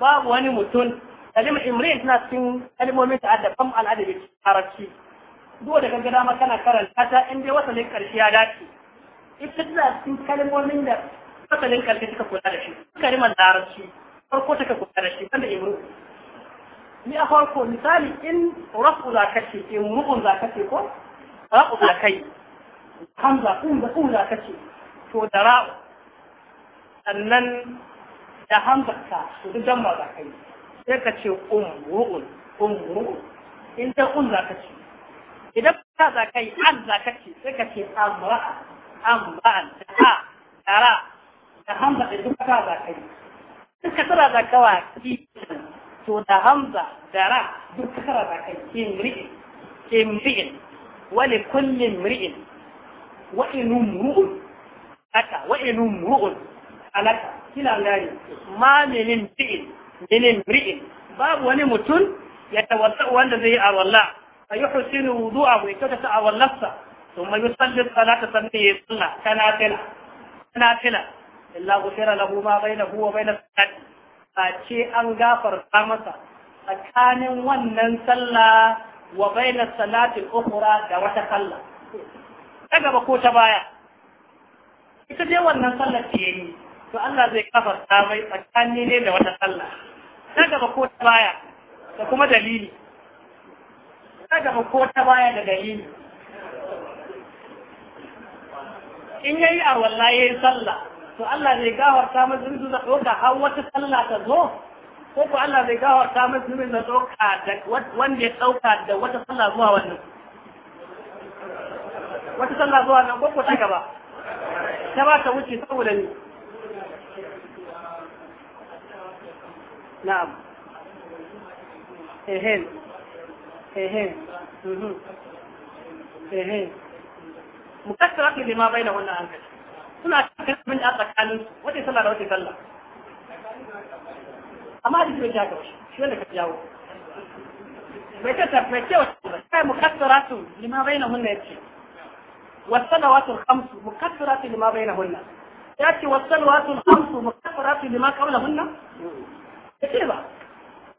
باب واني متون كلمة امرئ تنا سين كلمة من تعدى كم على عدد الحركي دو ده كان ما كان كرن حتى ان دي وصل لك يا داتي ابتدى سين كلمة من ده fasalin karshe suka kula da shi karimar larabci farko ka kula da shi wanda ibru ni a farko misali in rafu za ka ce in rukun za ka ce ko rafu za kai hamza in da in za ka ce to da ra'u sannan da hamza ka to duk dan za ka yi sai ka ce um rukun um, in da un za ka ce idan ka za ka yi an za ka ce sai ka ce amra'a da tara da hamza da duk ka za kai duk kasara za ka wa to da hamza da ra duk kasara za kai imri'in imri'in wa li kulli imri'in wa inum ru'un aka wa inum ru'un alaka kila gani ma menin fi'il menin ri'in babu wani mutum ya tawassa wanda zai yi a walla a yi husinu wudu'a mai kyauta ta a wallarsa sun mai yusalli salata sannan ya yi suna kana fila kana fila illa gufira lahu ma huwa wa sallati a ce an gafarta masa tsakanin wannan sallah wa bain sallati ukhra da wata sallah ta gaba ko ta baya ita dai wannan sallar ce yi to Allah zai gafarta mai tsakani ne da wata sallah ta gaba ko ta baya da kuma dalili ta gaba ko ta baya da dalili in yayi a wallahi sallah to Allah zai gafarta mai zunubin na ɗauka har wata sallah ta zo ko ko Allah zai gafarta mai zunubin da wanda ya ɗauka da wata sallah zuwa wannan
wata sallah zuwa nan ko ko ta gaba ta ba ta wuce saboda ni na'am ehen ehen mhm.
ehen mukassara ke lima bai da wannan hankali suna cikin abin da tsakanin su wace sallah da wace sallah amma hadisi bai haka shi wanda ka jawo
bai ta tafi ce wa
kai mukassaratun lima bainahunna yace والصلوات الخمس مكفرات لما بينهن ياتي والصلوات الخمس مكفرات lima قبلهن كثير بقى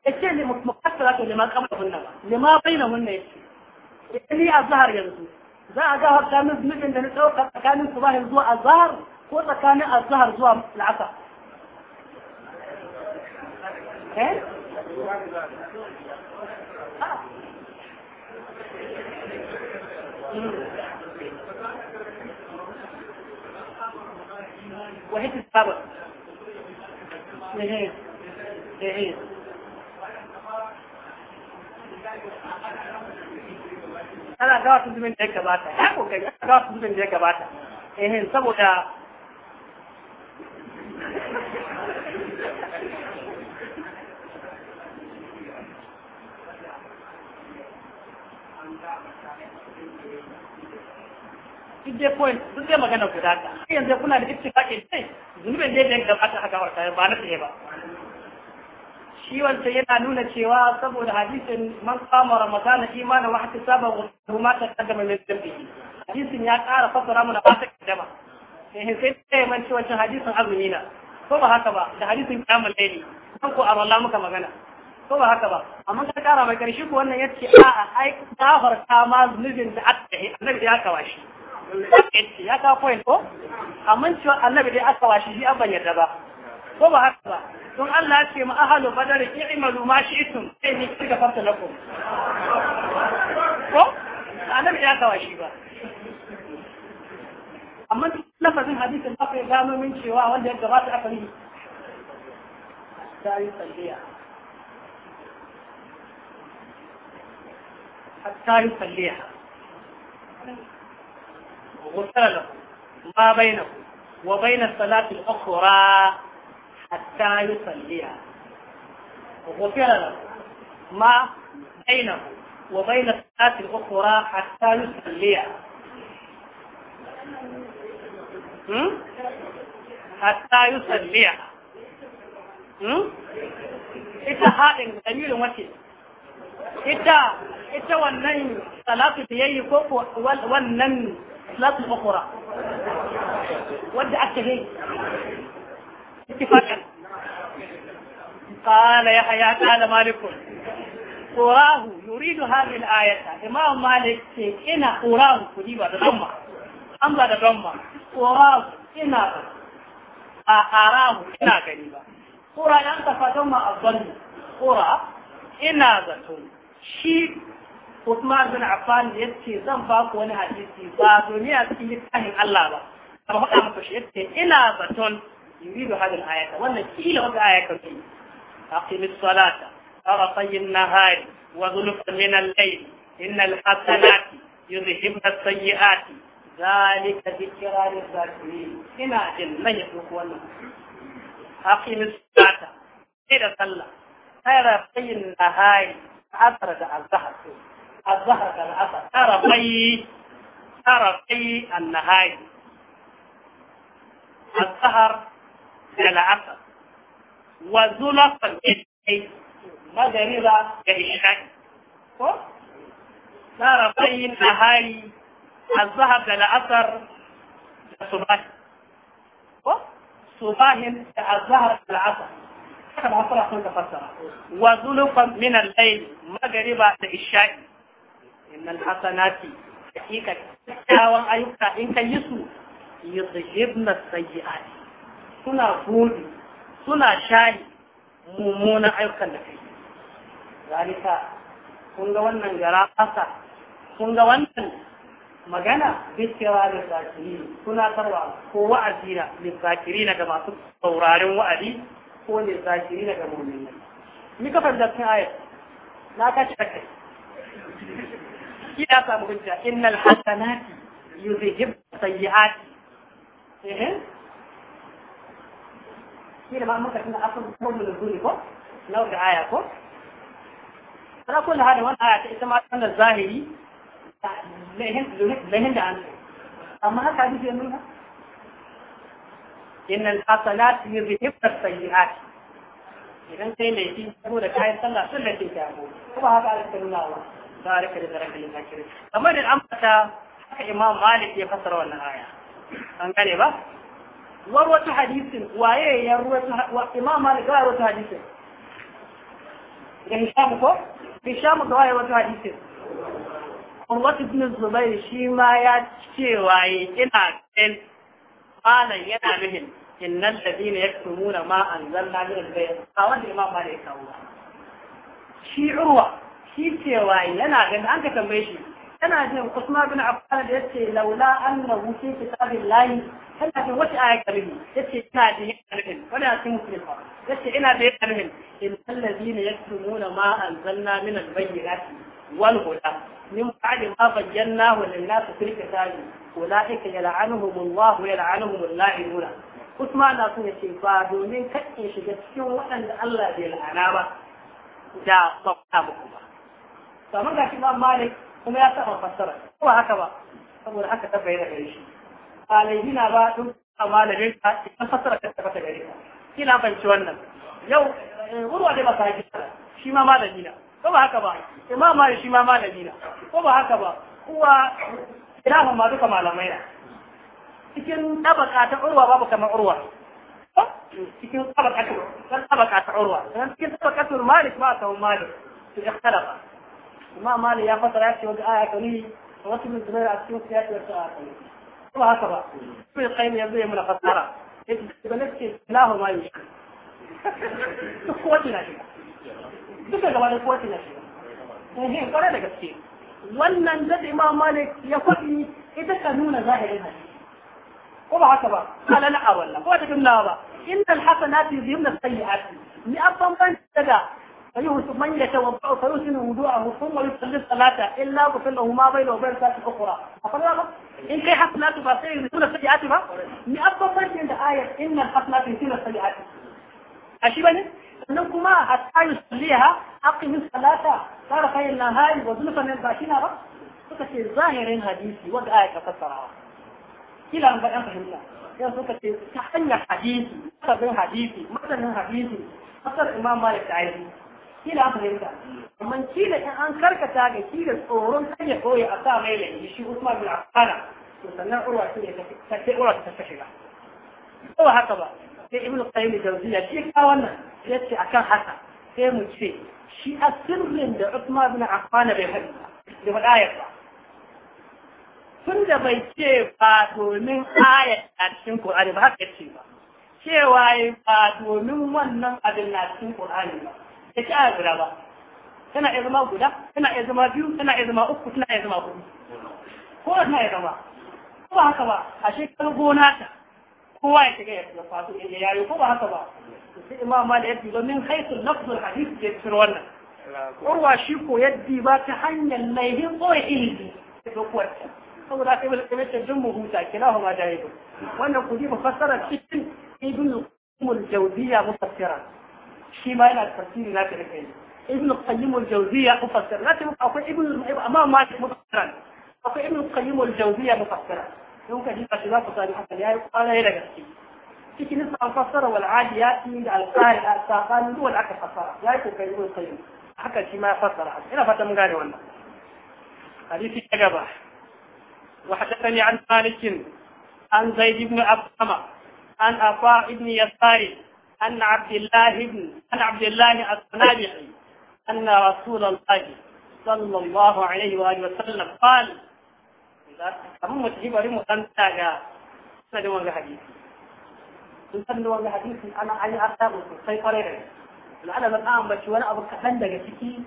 الشيء مكفرات لما قبلهن لما بينهن ياتي a zahar yanzu. لا قهر كان مزمن اللي نتقول كان الصباح زوا الظهر ولا كان الظهر زوا العصر
ايه آه.
وهيك السبب ايه ايه ana gawa su zubin da gabata ya kokari ana gawa su gabata saboda duk point duk magana guda ta yanzu kuna da ittifaqi sai zunubin da ya gabata a gawar ta ba na tsaye ba shi wancan yana nuna cewa saboda hadisin man kama ramadana imanin wa hatta saba wa kuma ta kaddama min dambi hadisin ya ƙara fassara mana ba ta kaddama eh sai ta yi manci wancan hadisin azumi na ko ba haka ba da hadisin kiyamul laili kan ko arwala muka magana ko ba haka ba amma ka ƙara mai karshe ko wannan ya a a'a ai gafarta ma zunubin da aka yi annabi ya kawa shi ya kawo point ko amma cewa annabi dai aka washi shi an ban yarda ba ko ba haka ba don Allah ce ma ahalu badar i'malu ma shi'tum sai ni ci gaba da lakum
ko annabi ya kawo
shi ba amma lafazin hadisin ba kai gano min cewa wanda ya gabata aka yi sai salliya hatta yi salliya غفر لكم ما بينكم وبين الصلاة الأخرى hatta yi salliya ما بينه وبين الصلاة الأخرى حتى يصليها حتى يصليها ita haɗin dalilin wace ita ita wannan salatu da yayi ko wannan salatu ukhra wanda aka yi ittifaqan قال يحيى قال مالك قراه يريد هذه الآية إمام مالك إنا قراه كجيبة دمّة أمضى دمّة قراه إنا أراه إنا كجيبة قرى أنت فدمّة الظن قرى إنا ذاتون شيء Usman bin Affan ya ce zan ba ku wani hadisi ba duniya cikin littafin Allah ba. Amma faɗa muku shi ya ce ina zaton da hadin ayata wannan kila wata ayata ce. أقم الصلاة طرفي النهار وغلف من الليل إن الحسنات يذهبن السيئات ذلك ذكرى للذاكرين إن أجل ما يخلق أقم الصلاة إلى صلى ترى في النهاية أطرد الظهر الظهر الأطر ترى في النهاية الظهر إلى العصر وزولا فالإشعي ما دريضا كإشعي لا رفين أهاي الظهب للا أثر لصباح صباح الظهر للا أثر وزلق من الليل مغربا الإشاء إن الحسنات حقيقة كتاوى أيوكا إن كيسو يضيبنا السيئات كنا فول suna shayi mummunan ayyukan da kai zalika kun ga wannan gara ƙasa kun ga wannan magana bishira da zakiri suna tarwa ko wa'azi na da zakiri na ga masu saurarin wa'azi ko ne zakiri na ga mummuni ni ka fara cikin ayat na ka ce kai ya samu hujja innal hasanati yuzhibu sayyi'ati eh kila ma muka tuna akan kullu guri ko na ga aya ko ala kullu hada wannan aya ta ita ma tana zahiri lahin lehen da an amma haka bi na inna al hasanat yuzhibu as-sayyi'at idan sai mai shi saboda kayan sallah sun da ke shago kuma haka aka nuna wa baraka da baraka lil zakirin kamar da amsa haka imam malik ya fasara wannan aya an gane ba warwata hadisin waye ya ruwata imam malik ya ruwata hadisin ga hisham ko hisham ga waye ruwata hadisin Urwat ibn Zubair shi ma ya ce waye ina kan malan yana mihin innal ladina yaktumuna ma anzalna min al-bayt a wanda imam malik ya kawo shi urwa shi ce waye yana ganin an ka tambaye shi yana jin Usman bin Affan da yace laula annahu fi kitabillahi kana da wata aya kalmi yace ina da yakin wanda sun mutu yace ina da yakin in allazina yaktumuna ma anzalna min albayyinati wal huda min ba'di ma bayyanahu lin-nasi fil kitabi ulaika yal'anuhum Allah wa yal'anuhum al-la'inuna Usman na sun yace ba domin kake shiga cikin waɗanda Allah bai la'ana ba da ba muku ba kamar ga Imam Malik kuma ya taɓa fassara ko haka ba saboda haka ta bayyana gare shi ba na ba dun a malamin ka ita fasara ta tabbata gare ka kila banci wannan yau wurwa eh, dai masa haƙi shi ma malami na ko ba haka ba imama ya shi ma malami na ko ba haka ba kuwa ilahun ma duka malamai na cikin tabaka ta urwa babu kamar urwa cikin tabaka ta tabaka ta urwa cikin tabaka ta malik ba ta malik to ikhtalafa imam malik ya fasara shi wanda aya kani wasu min zubair a cikin siyasar ta aya kani ba haka ba bai kaini yanzu ya muna fasara da nake lahu ma yushi duk kowace na shiga duka da kowace na shiga ehe kwarai wannan da imam malik ya faɗi ita ka nuna zahirin hadisi ko ba haka ba ala na awalla ko ta ni an ban daga فيهس من يتوضا فيحسن وضوءه ثم يصلي الصلاه الا غفر ما بينه وبين ساعه اخرى أخذها ان كان حسنات فاسير يسون السيئات ما ni abban farki da ayar innal hasanatu yusiru sayyi'ati a shi bane sannan kuma hatta yusalliha aqimis salata tarfayin nahari wa zulfan al-bashina ba suka ce zahirin hadisi wanda aya ta fassarawa kila an faɗan fahimta yau ce ta hanyar hadisi sabbin hadisi matanin hadisi fasar imam malik kila fahimta amma shi da in an karkata ga shi da tsoron kan ya koya a sa mai laifi shi Usman bin Affan to sannan urwa shi ne ta ce urwa ta shiga ko haka ba sai Ibn Qayyim Jawziya shi ka wannan yace akan haka sai mu ce shi asirin da Usman bin Affan bai hadi da wadayar ba tun da bai ce ba domin ayat a cikin Qur'ani ba haka ce ba cewa ba domin wannan abin na cikin Qur'ani ba ta ci aya guda ba tana iya zama guda tana iya zama biyu tana iya zama uku tana iya zama hudu ko tana iya zama ko ba haka ba a shekaru gona ta kowa ya shiga ya fasu inda yayi ko ba haka ba sai imam malik ya dubo min haythu lafzul hadith ya tsir wannan urwa shi ko yaddi ba ta hanyar laihin ko ilmi da kuwarta saboda kai bai kai ta jummu huta kilahu ma da yabo wannan ku ji fassara cikin ibn al-jawziyya mufassira شيء ما لا تفسير لا تفهم ابن القيم الجوزية مفسر لا تبقى أو ابن ما ما مفسر أو ابن القيم الجوزية مفسر يوم كذي ما شاء الله صار يحصل يا أنا هنا قصدي كيف نسمع مفسر والعاديات من القائل الساقان هو الأكثر فسر لا يكون كذي القيم حكى شيء ما فسر هذا أنا فتى مقارن والله هذه في أجابة وحدثني عن مالك عن زيد بن أبسمة عن أفاع ابن يساري أن عبد الله بن أن عبد الله الصنابحي أن رسول الله صلى الله عليه وآله وسلم قال kamar mu ji bari mu dan taga sanin wanga hadisi sun sanin wanga hadisi ana an yi asabu sosai da wani abu kaɗan daga ciki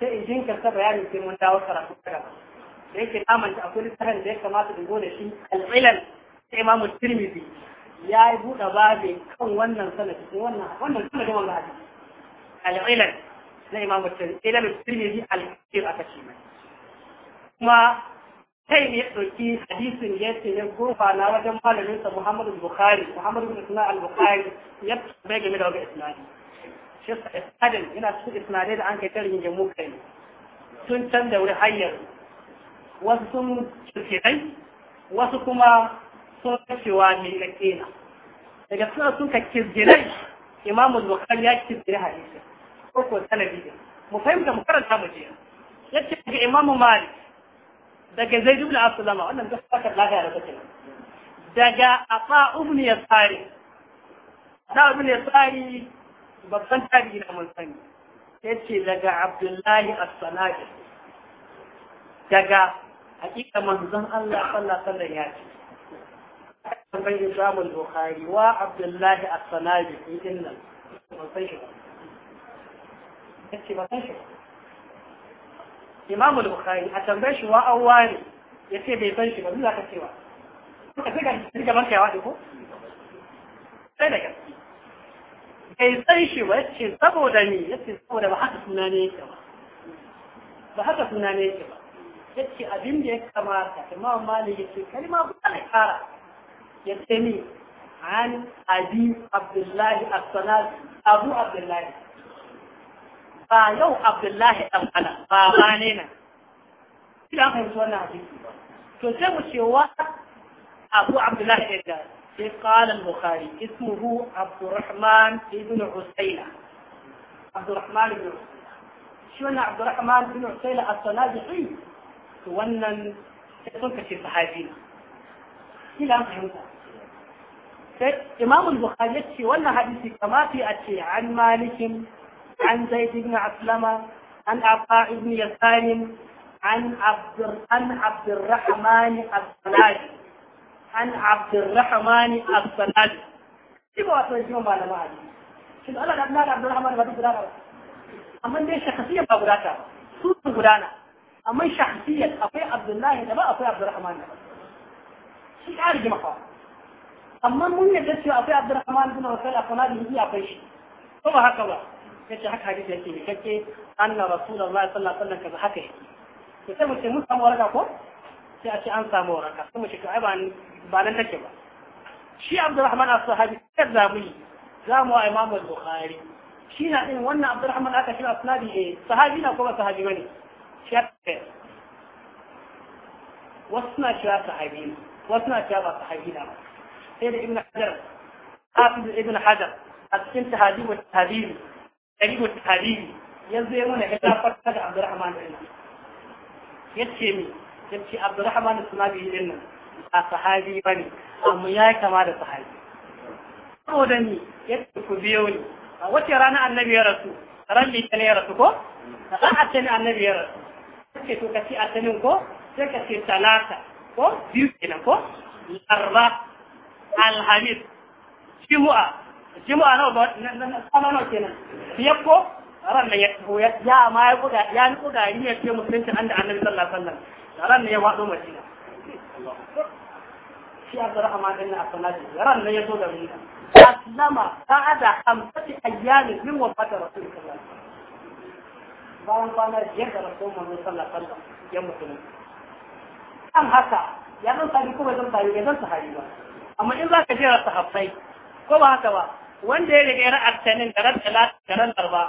sai in jinkirta bayanin sai mun dawo karatu daga da yake namanta akwai da ya kamata in gode shi al'ilal sai imamu ya yi buɗe babin kan wannan sanadi sai wannan wannan sanadi wannan hadisi al-ilal na imamu ilal tirmidhi al-kabir aka ce mai kuma sai ne ya ɗauki hadisin ya ce ya gurfa na wajen malamin sa Muhammad al Bukhari Muhammad bin Sina al-Bukhari ya bai game da wajen isnadi shi sa isnadin yana cikin isnadai da an kai tarihin jamu kai sun canza wuri hanyar wasu sun kirkirai wasu kuma sun kashewa mai rake na daga suna sun ka kirgirai imamu bukari ya kirgiri hadisi ko ko sanadi ne mu fahimta mu karanta mu je yace daga imamu malik daga zaid ibn aslama wannan da saka lafiya da kake daga afa ibn yasari da ibn yasari babban tabi'i na mun sani ce daga abdullahi as-salafi daga hakika manzon Allah sallallahu alaihi wasallam ya ce san Imam al-Bukhari wa Abdullahi as-Sanabi din nan ban san shi ba yace ba san shi Imam al-Bukhari a tambaye shi wa awwali yace bai san shi ba za ka cewa ka sai ka gaban kai wa ko sai da gaske bai san shi ba yace saboda ni yace saboda ba haka suna ne yake ba ba haka suna ne yake ba yace abin da ya kamata Imam Malik yace kalma ba ta kara ya ce ni an abi abu abdullahi ba yau abdullahi dan ana ba ba ne na kina fahimci wannan hadisi ba to sai abu abdullahi ibn sai qala al-bukhari ismuhu abdurrahman ibn usayla abdurrahman ibn usayla shi wannan wannan kila an fahimta sai imam bukhari ya ce wannan hadisi kamata a ce an malikin an zaid ibn aslama an afa ibn yasarin an عبد عن عبد الرحمن الصلالي عن عبد الرحمن الصلالي shi ba wato shi ba malama ne shi Allah da Allah da Abdul Rahman ba guda da amma dai shakhsiyya ba guda ta su gudana amma shakhsiyya akwai Abdullahi da ba akwai Abdul Rahman da ba shi ka rigima fa amma mun yadda cewa akwai abdurrahman bin wasal a kana da yi akwai shi ko ba haka ba yace haka hadisi yake ne kake anna rasulullahi sallallahu alaihi wasallam kaza haka yake to sai mu ce mun samu waraka ko sai a ce an samu waraka sai mu ce kai ba ba nan take ba shi abdurrahman as-sahabi kar zamu yi zamu wa imamu bukhari shi na din wannan abdurrahman aka shi asnabi eh sahabi na ko ba sahabi bane shi ya wasu na cewa sahabi ne wasu na cewa ba sahabi na ba sai da ibn hajar hafiz ibn hajar a cikin tahadi wa tahdiri dari wa tahdiri yanzu ya mana hada farka da abdurrahman bin yace mi yace abdurrahman sunabi din nan ba sahabi bane amma ya kama da sahabi saboda ni yace ku biyo ni a wace rana annabi ya rasu ran litinin ya rasu ko ran asali annabi ya rasu kake to kace asalin ko sai kace talata ko biyu kenan ko larba alhamis jimu'a jimu'a n'o ba sama nawa kenan biyar ko ran ya ya ma ya kuga ya ni kuga ni ne ce musulunci an da annabi sallallahu alaihi wasallam ran nan ya wado madina shi Abdurrahman bin Affanaji ran ne ya zo da madina aslama ba'da hamsati ayyamin min wafati rasulullah bayan kwana biyar da rasulullah sallallahu alaihi wasallam ya musulunci kan haka ya zan sami ko bai zan sahabi bai zan sahabi ba amma in za ka jera sahabbai ko ba haka ba wanda ya riga ra'ar tanin da ran talata da ran darba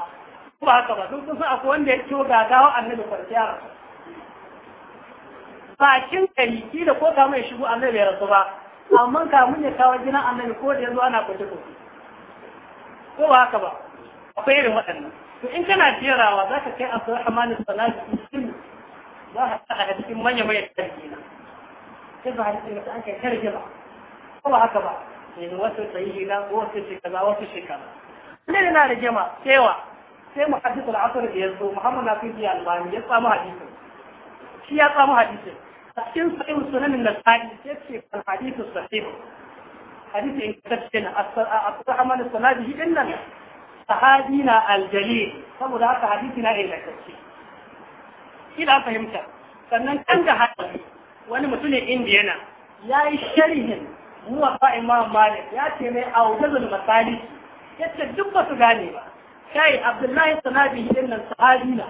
ko ba haka ba duk sun akwai wanda ya ciwo gagawa annabi kwanciya bakin kari da ko ka mai shigo annabi ya rasu ba amma ka mun ya kawo gina annabi ko da yanzu ana kwace kwace ko ba haka ba akwai irin waɗannan to in kana jerawa za ka kai abdurrahman salati za a tsaka da cikin manya mai tarki na sai ba hadisi mutum an kai tarki ba ko ba haka ba yanzu wasu sahihi na wasu shekara wasu shekara ne da na rigima cewa sai mu hadisi al'asar da yanzu muhammad na fi albani ya samu hadisi shi ya samu hadisi a cikin sahih sunan nasa'i sai ce al hadithu sahih hadisi in ka kasance na as-rahman as-salabi dinnan sahabina al-jalil saboda haka hadisi na ingantacce kila fahimta sannan kan da hadari wani mutum ne indiyana ya yi sharihin fa imam malik ya ce mai aujazul masali yace duk ba su gane ba shayi abdullahi sanabi din nan sahabi na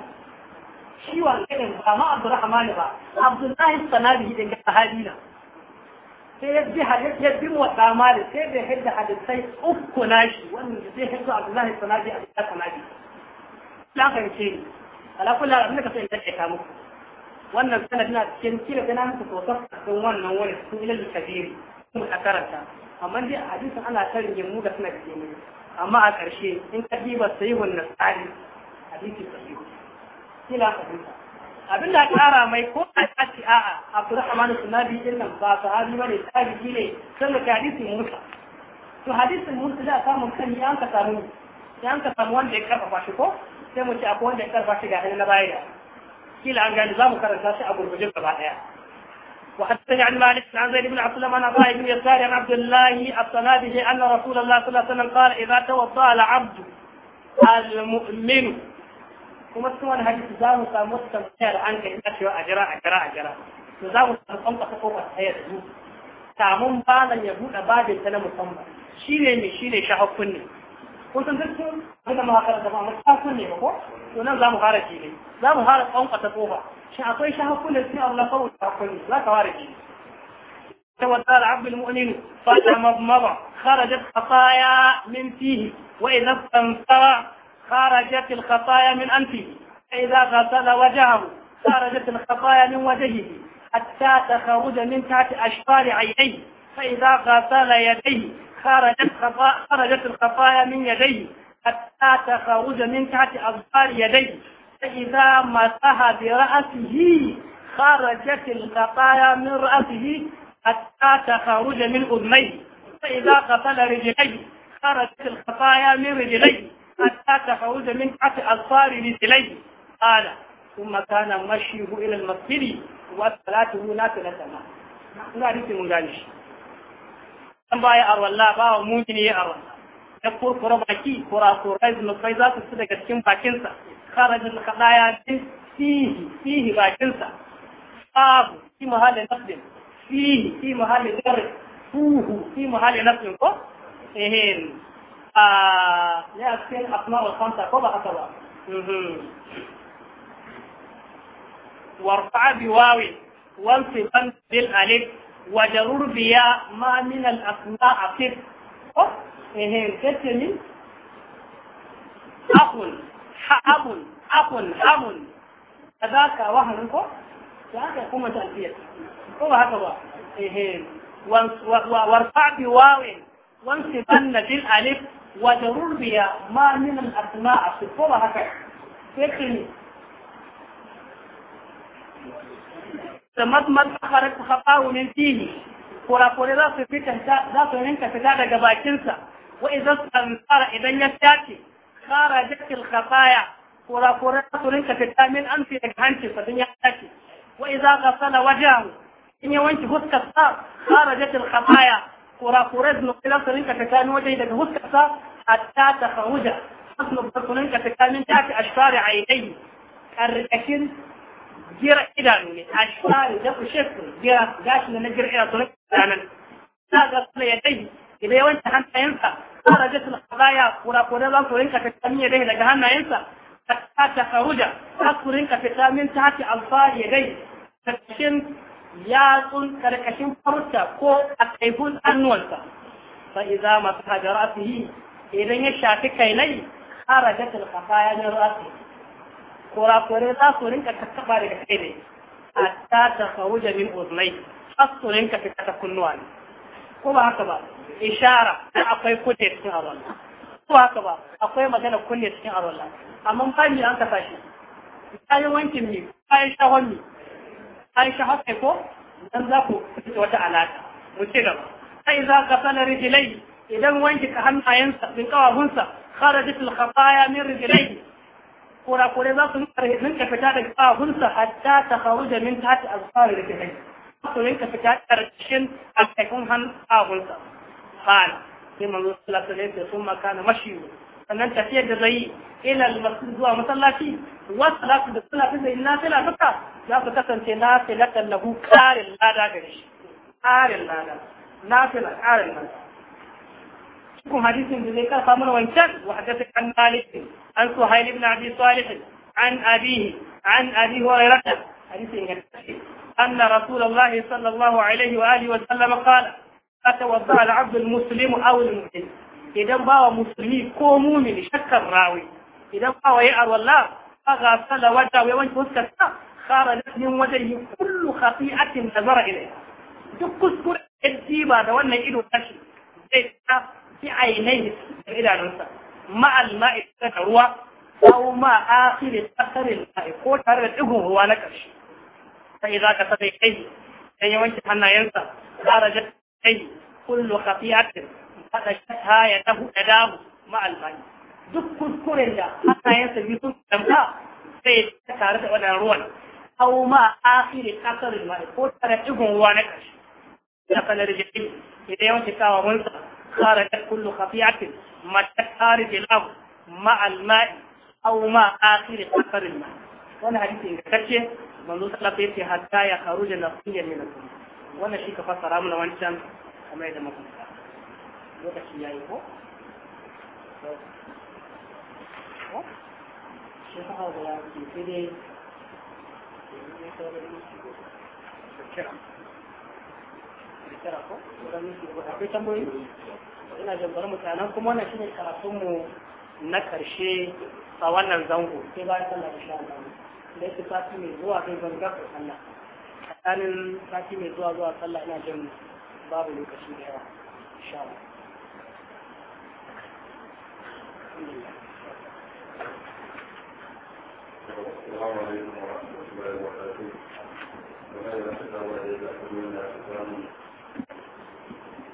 shi wa irin ba ma abdurrahman ba abdullahi sanabi din sahabi na sai ya bi hadith ya bi muwafa malik sai da hadda hadisai uku nashi wannan da zai hadda abdullahi sanabi abdullahi sanabi la fahimce ni ala kullu abin da ka so in tace ka muku wannan sanad na cikin kira gana muku sosai cikin wannan wani su ilal kabiri mu a karanta amma dai a hadisin ana karin mu da sanad ne amma a ƙarshe in ka diba sahihun nasari hadisi sahihu kila hadisa abin da ƙara mai ko a tashi a'a Abdurrahman Sunabi din nan ba sahabi bane tabi'i ne sun ga hadisin Musa to hadisin Musa da samun kan ya an ka samu ya ka samu wanda ya karfafa shi ko sai mu ci akwai wanda ya karfa shi ga hannun na baya kila an gani za mu karanta shi a gurguje gaba daya وحدثني عن مالك عن زيد بن عبد الله عن عطاء بن يسار عن عبد الله الصنابه ان رسول الله صلى الله عليه وسلم قال اذا توضا العبد المؤمن kuma cikin wani hadisi za mu samu wata tambayar an kai ina cewa a jira a jira a jira to za mu samu tsamba ta kofar tsayar da samun balan ya buɗe babin ta na musamman shi ne mai shi ne shahakun ne وتنزلتوا هذا مهارة تبعه مستحسن لي أبو ونزل مهارة لا مهارة أو قد شعطي كل الشيء لا قول كل لا عبد المؤمن فجاء مضمضة خرجت خطايا من فيه وإذا انصرع خرجت الخطايا من أنفه إذا غسل وجهه خرجت الخطايا من وجهه حتى تخرج من تحت أشفار عينيه فإذا غسل يديه خرجت خرجت الخطايا من يديه حتى تخرج من تحت أظفار يديه فإذا مسح برأسه خرجت الخطايا من رأسه حتى تخرج من أذنيه فإذا غسل رجليه خرجت الخطايا من رجليه حتى تخرج من تحت أظفار رجليه قال ثم كان مشيه إلى المسجد وصلاته نافلة معه. لا ريت من dan baya arwalla ba wa mumini ya arwalla ya kurkura baki kurakurai zunubai za su su daga cikin bakinsa kharajin kadaya din fihi fihi bakinsa babu fi mahallin nafsin fihi fi mahallin jarri fuhu fi mahallin nafsin ko ehin a ah, ya cikin asma'ul khamsa ko ba haka ba mhm. warfa bi wawi wansiban bil alif wajarur biya ma min al'asuna a fit ko ehe kete min akun ha'amun akun da za ka wa hannun ko za ka kuma tafiya ko ba haka ba ehe warfa bi wawe wansu ban alif wajarur biya ma min al'asuna a haka kete min مد مد خارج خطا وننتيه كورا كورا دا سفيتا دا سننك فتا دا قباكنسا وإذا سنصار إذن يفتاكي خارجت الخطايا كورا كورا دا سننك فتا من أنف يجهنش فدن يفتاكي وإذا غسل وجهه إني وانت غسك الصار خارجت الخطايا كورا كورا دا سننك فتا من وجهي دا غسك الصار حتى تخرج أصنب دا سننك فتا من تاكي أشفار عينيه الرئيسين jira idanu ne a shari da ku shekku jira gashi na jira ira sunan idanun ta ga suna ya dai idan ya wanke hannayensa ta rage su kazaya kura kura za ku rinka fita min dai daga hannayensa ta ta karuja ta ku rinka fita min ta ta alfahari ya dai karkashin yatsun karkashin farta ko a kaifun annuwansa fa iza masu hajjara idan ya shafi kainai harajatul kafaya min ra'asi kurakurai za su rinka kakkaɓa daga kai ne a ta ta fawuja min uzlai har su rinka fita ta kunnuwa ne ko ba haka ba ishara da akwai kunne cikin aron ko ba haka ba akwai magana kunne cikin aron amma ni an kasa shi yi wankin mi bayan shahon mi bayan shahon kai ko dan za ku fita wata alaƙa mu ci gaba sai za ka sanar rijilai idan wanki ka hannayensa bin kawafunsa kharajat al khataya min rijilai kurakurai za su rinka fita daga ƙahunsa hatta ta haru da min tati alfahari da kai za su rinka fita ƙarshen a kaifin hannun ƙahunsa fara sai manzo sallallahu ne ta sun makana mashiyu sannan tafiyar da zai ila almasjid zuwa masallaci wa salatu da salatu zai nafila duka za su kasance na nafilatan lahu qarin lada gare shi qarin lada nafila qarin lada cikin hadisin da zai karfa mana wancan wa hadatha an malik عن سهيل بن عبد صالح عن أبيه عن أبي هريرة أن رسول الله صلى الله عليه وآله وسلم قال أتوضأ العبد المسلم أو المؤمن إذا باوى مسلمي كو من شك الراوي إذا باوى يعر والله فغسل وجهه ويوانك وسكتا خرجت من وجهه كل خطيئة نظر إليها تقص كل ba da wannan ido tashi zai ta fi ma'al ma'i da ruwa aw ma akhir asarin ma'i ko tare da digon ruwa na ƙarshe sai za ka sabai kai sai ya wanke hannayensa kharajat kai kullu khati'atin fadashatha yadahu yadahu ma'al ma'i duk kuskuren da hannayensa bi sun damka sai ta tare da wannan ruwan aw ma akhir asarin ma'i ko tare da digon ruwa na ƙarshe da kanar jiki idan yawanci kawawansa خرجت كل خفية ما تخرج الأرض مع الماء أو ما آخر قطر الماء وانا حديث إنجلتشي منذ سلطيتي حتى يخرج نقيا من الدنيا وانا شيك فسر عمنا وانشان كما إذا ما كنت لوكاشي يا إيكو
شيخ هذا يا سيدي
Thank you. akwai tambayoyi ina jin mutanen kuma wannan shine karatun mu na karshe a wannan zango sai bayan sallah insha Allah da yake sati mai zuwa zai zanga ga sallah tsakanin sati mai zuwa zuwa sallah ina jin babu lokaci da yawa insha Allah
السلام عليكم ورحمة الله وبركاته.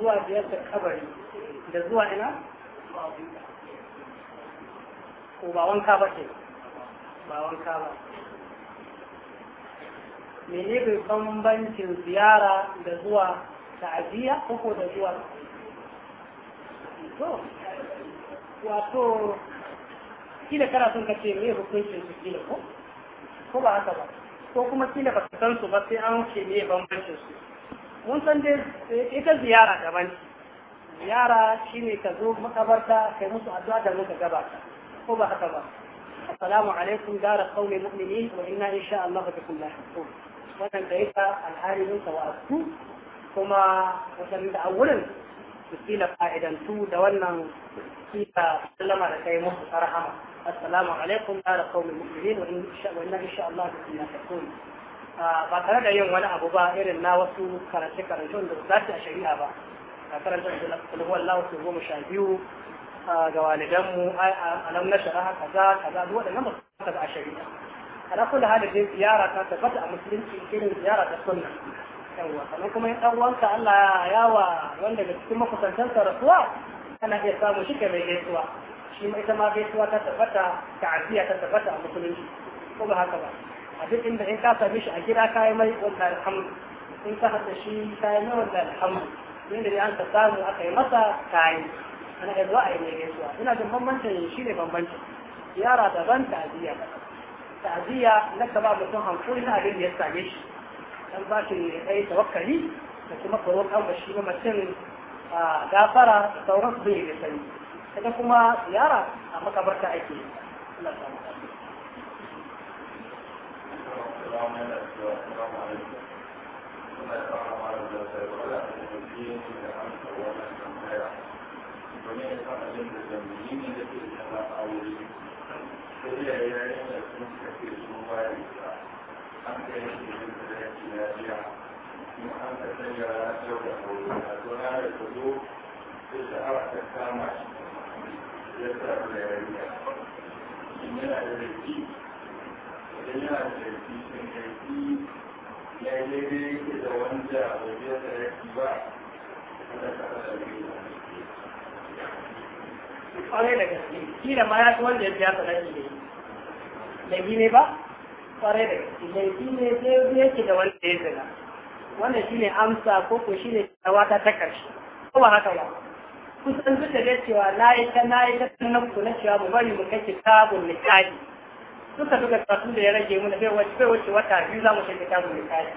zuwa biyar da kabari da zuwa ina ko ba wanka ba ce ba wanka ba mene bai bambancin ziyara da zuwa ta'aziyya ko da zuwa to wato kila kana son ka ce me hukuncin su kila ko ko ba haka ba ko kuma kila ba san su ba sai an ce me bambancin su mun san dai eh, ita ziyara daban ziyara shine ka zo makabarta kai musu addu'a da muka gabata ko ba haka ba assalamu alaikum dara qaumi mu'minin wa inna insha Allah bikum lahiqun wannan da yasa alhalin sa wa asu kuma wajen da awurin su kila fa'idantu da wannan kila sallama da kai musu sarhama assalamu alaikum ya da kawai musulmin wa'in in sha Allah da suna ah, takun ba tare da yin wani abu ba irin na wasu karance-karancen da za su a shari'a ba a karanta da kulhuwar lawasu goma sha biyu ah, ga walidanmu a nan na shari'a kaza kaza duk waɗannan ba su kaza a shari'a ala da hali dai ziyara ta tabbata a musulunci irin ziyara ta sunna yawa sannan kuma in ɗan wanka Allah ya yawa wanda da cikin makusantansa rasuwa ana iya samun shi ke mai gaisuwa shi ma ita ma gaisuwa ta tabbata ta'aziyya ta tabbata a musulunci ko ba haka ba a duk inda in ka same shi a gida ka yi mai wanda alhamdu in ka hada shi ka yi mai wanda alhamdu inda dai an ka samu aka yi masa ka yi ana yanzu a yi mai gaisuwa ina jin bambancin shi ne bambancin yara daban ta'aziyya ta'aziyya na ka ba mutum hankuri na abin da ya same shi dan ba shi ne ɗaya tawakkali da kuma tsoron kan shi mamacin gafara sauran su bai da sani kaga kuma ziyara a makabarta ake yi
Thank you. ya da gaske, in da laifi da ya daidai yake da wanda bai da laifi ba ana da laifi da
gaske ma ya wanda ya ne ba kwarai da gaske laifi ne sai yake da wanda ya zina wannan shine amsa ko ko shine tawata ta karshe ko ba haka ba kusan duk da cewa na yi ta na yi ta sannan ku na cewa mu bari mu kai kitabun misali duka duka karatu da ya rage mana bai wace bai wace wata biyu za mu kai kitabun misali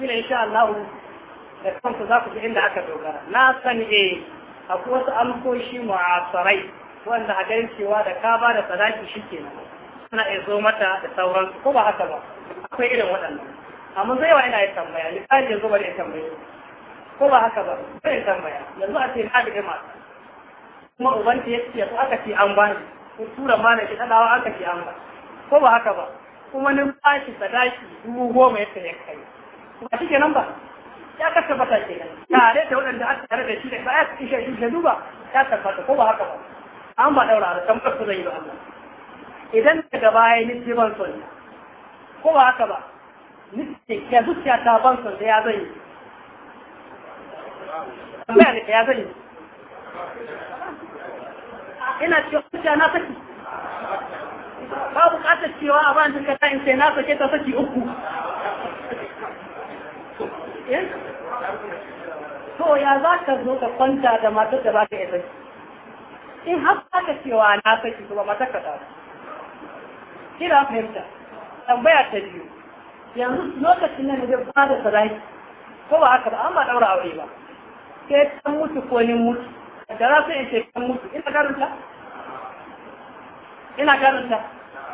kila insha Allah da kanku za ku ji inda aka dogara na sani eh akwai wasu amkoshi mu'asarai wanda a ganin cewa da ka ba da sadaki shi kenan suna iya zo mata da sauransu ko ba haka ba akwai irin waɗannan amma zai wa ina ya tambaya misali yanzu bari ya tambaye ko ba haka ba zai tambaya yanzu a ce na da ima kuma ubanta ya ce to aka ce an bani ko tura mana ta dawa aka ce an ba ko ba haka ba kuma nin bashi sadaki dubu goma yadda ya kai ba shi kenan ba ya ka tabbata nan tare da waɗanda aka tare da shi da ba ya ci shi da duba ya tabbata ko ba haka ba an ba daura da tamkar su zai yi Allah idan daga baya ni ce ban son ko ba haka ba ni ce ya zuciya ta ban son da ya zai yi tambaya ne ya sani ina cewa hujja na saki ba bukatar cewa a ba ni kaza in sai na sake ta saki uku eh? to ya za ka zo ka kwanta da matar da ba ka iya saki in har ba ka cewa na saki to ba matar ka ta kira fahimta tambaya ta biyu yanzu lokacin nan da ba da sarai ko ba haka ba an ba daura aure ba ke kan mutu ko ni mutu da za su ce kan mutu ina karanta ina karanta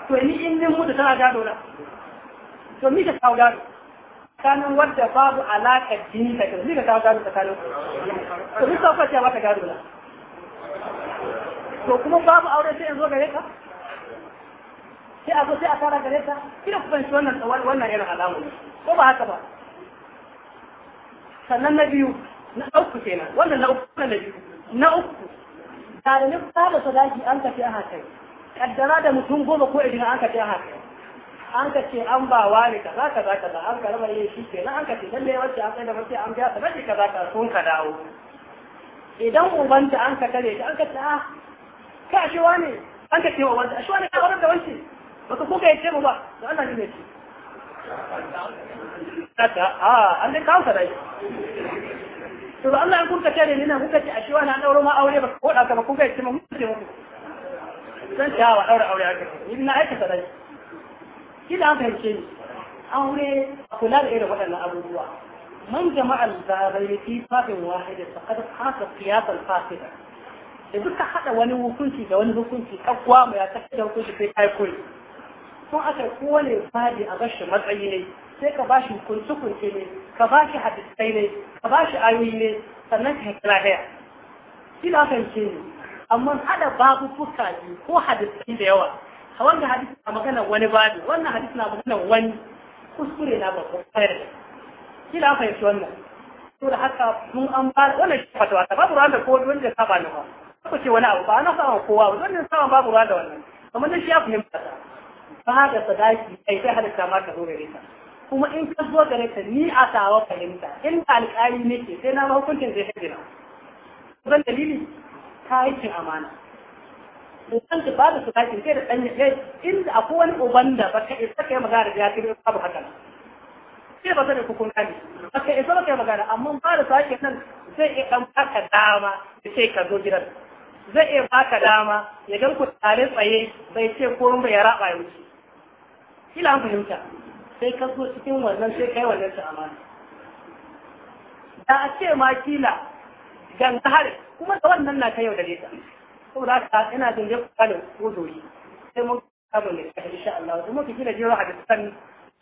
to ni in ni mutu tana gado na to mi ka kawo gado tsakanin wadda babu alaƙar jini ta kai mi ka kawo gado tsakanin to mi sauka ce mata gado na to kuma babu aure sai in zo gare ka sai a zo sai a tara gare ta kina ku fahimci wannan wannan irin alamu ko ba haka ba sannan na biyu na uku kenan wannan na uku na biyu na uku da da fara sadaki an tafi a hakai kaddara da mutum goma ko idan an tafi a hakai an ka ce an ba wani kaza kaza kaza an ka raba yin shi nan, an ka ce lalle wacce an da mace an biya sadaki kaza kaza sun ka dawo idan ubanta an ka tare ta an ka ce ah ka shi wani an ka ce wa wanda shi wani ka warar da wance baka ko ka yace mu ba da Allah ne ce a ah, an dai kawo sadaki to da Allah in kun kace da ni kuka ce ashe wani an dauro ma aure ba ko da ka ba kuka ce mun ce mun zan ta wa daura aure haka ni na aika sadai kila an fahimce ni aure kula da irin waɗannan abubuwa man jama'al zabai fi fafin wahida faqad hasa qiyasan fasida da duka hada wani hukunci da wani hukunci kakwa mai ta da hukunci sai kai kuri kun aka kowane fadi a bashi matsayi ne sai ka bashi kunce kunce ne ka ba hadisai ne ka ba ayoyi ne sannan ka haƙi lahiya shi na fahimce ne amma hada babu fuka biyu ko hadisai da yawa a wanda hadisi na magana wani babu wannan hadisi na magana wani kuskure na babban kare shi na fahimci wannan to da haka mun an ba wannan shi fatawa ta babu ruwan da ko wani da saba na ba ko ce wani abu ba na sama kowa ba wannan sa babu ruwan da wannan kamar shi ya fahimta ta ba da sadaki kai sai hadisa ma ka zo gare ta kuma in ka zo gare ta ni a tawa fahimta in alƙali ne ke sai na hukuncin zai hajjina zan dalili ta yi cin amana Uban ka babu su kakin kai da ɗan ya inda akwai wani uban da ba ka isa kai magana da yafi ne babu haka nan. Sai ba zai hukun kani. ka isa baka magana amma ba da sake nan zai iya ɗan baka dama da ce ka zo gidan. Zai iya baka dama ya gan ku tare tsaye bai ce ko ba ya raba ya wuce. ila an fahimta. sai ka so cikin wannan sai kai wannan ta amana da a ce ma kila ganga har kuma da wannan na ta yau da leta da haka ina jin dai kuka da uzuri sai mun kama ne ka insha Allah kuma ki kila jira san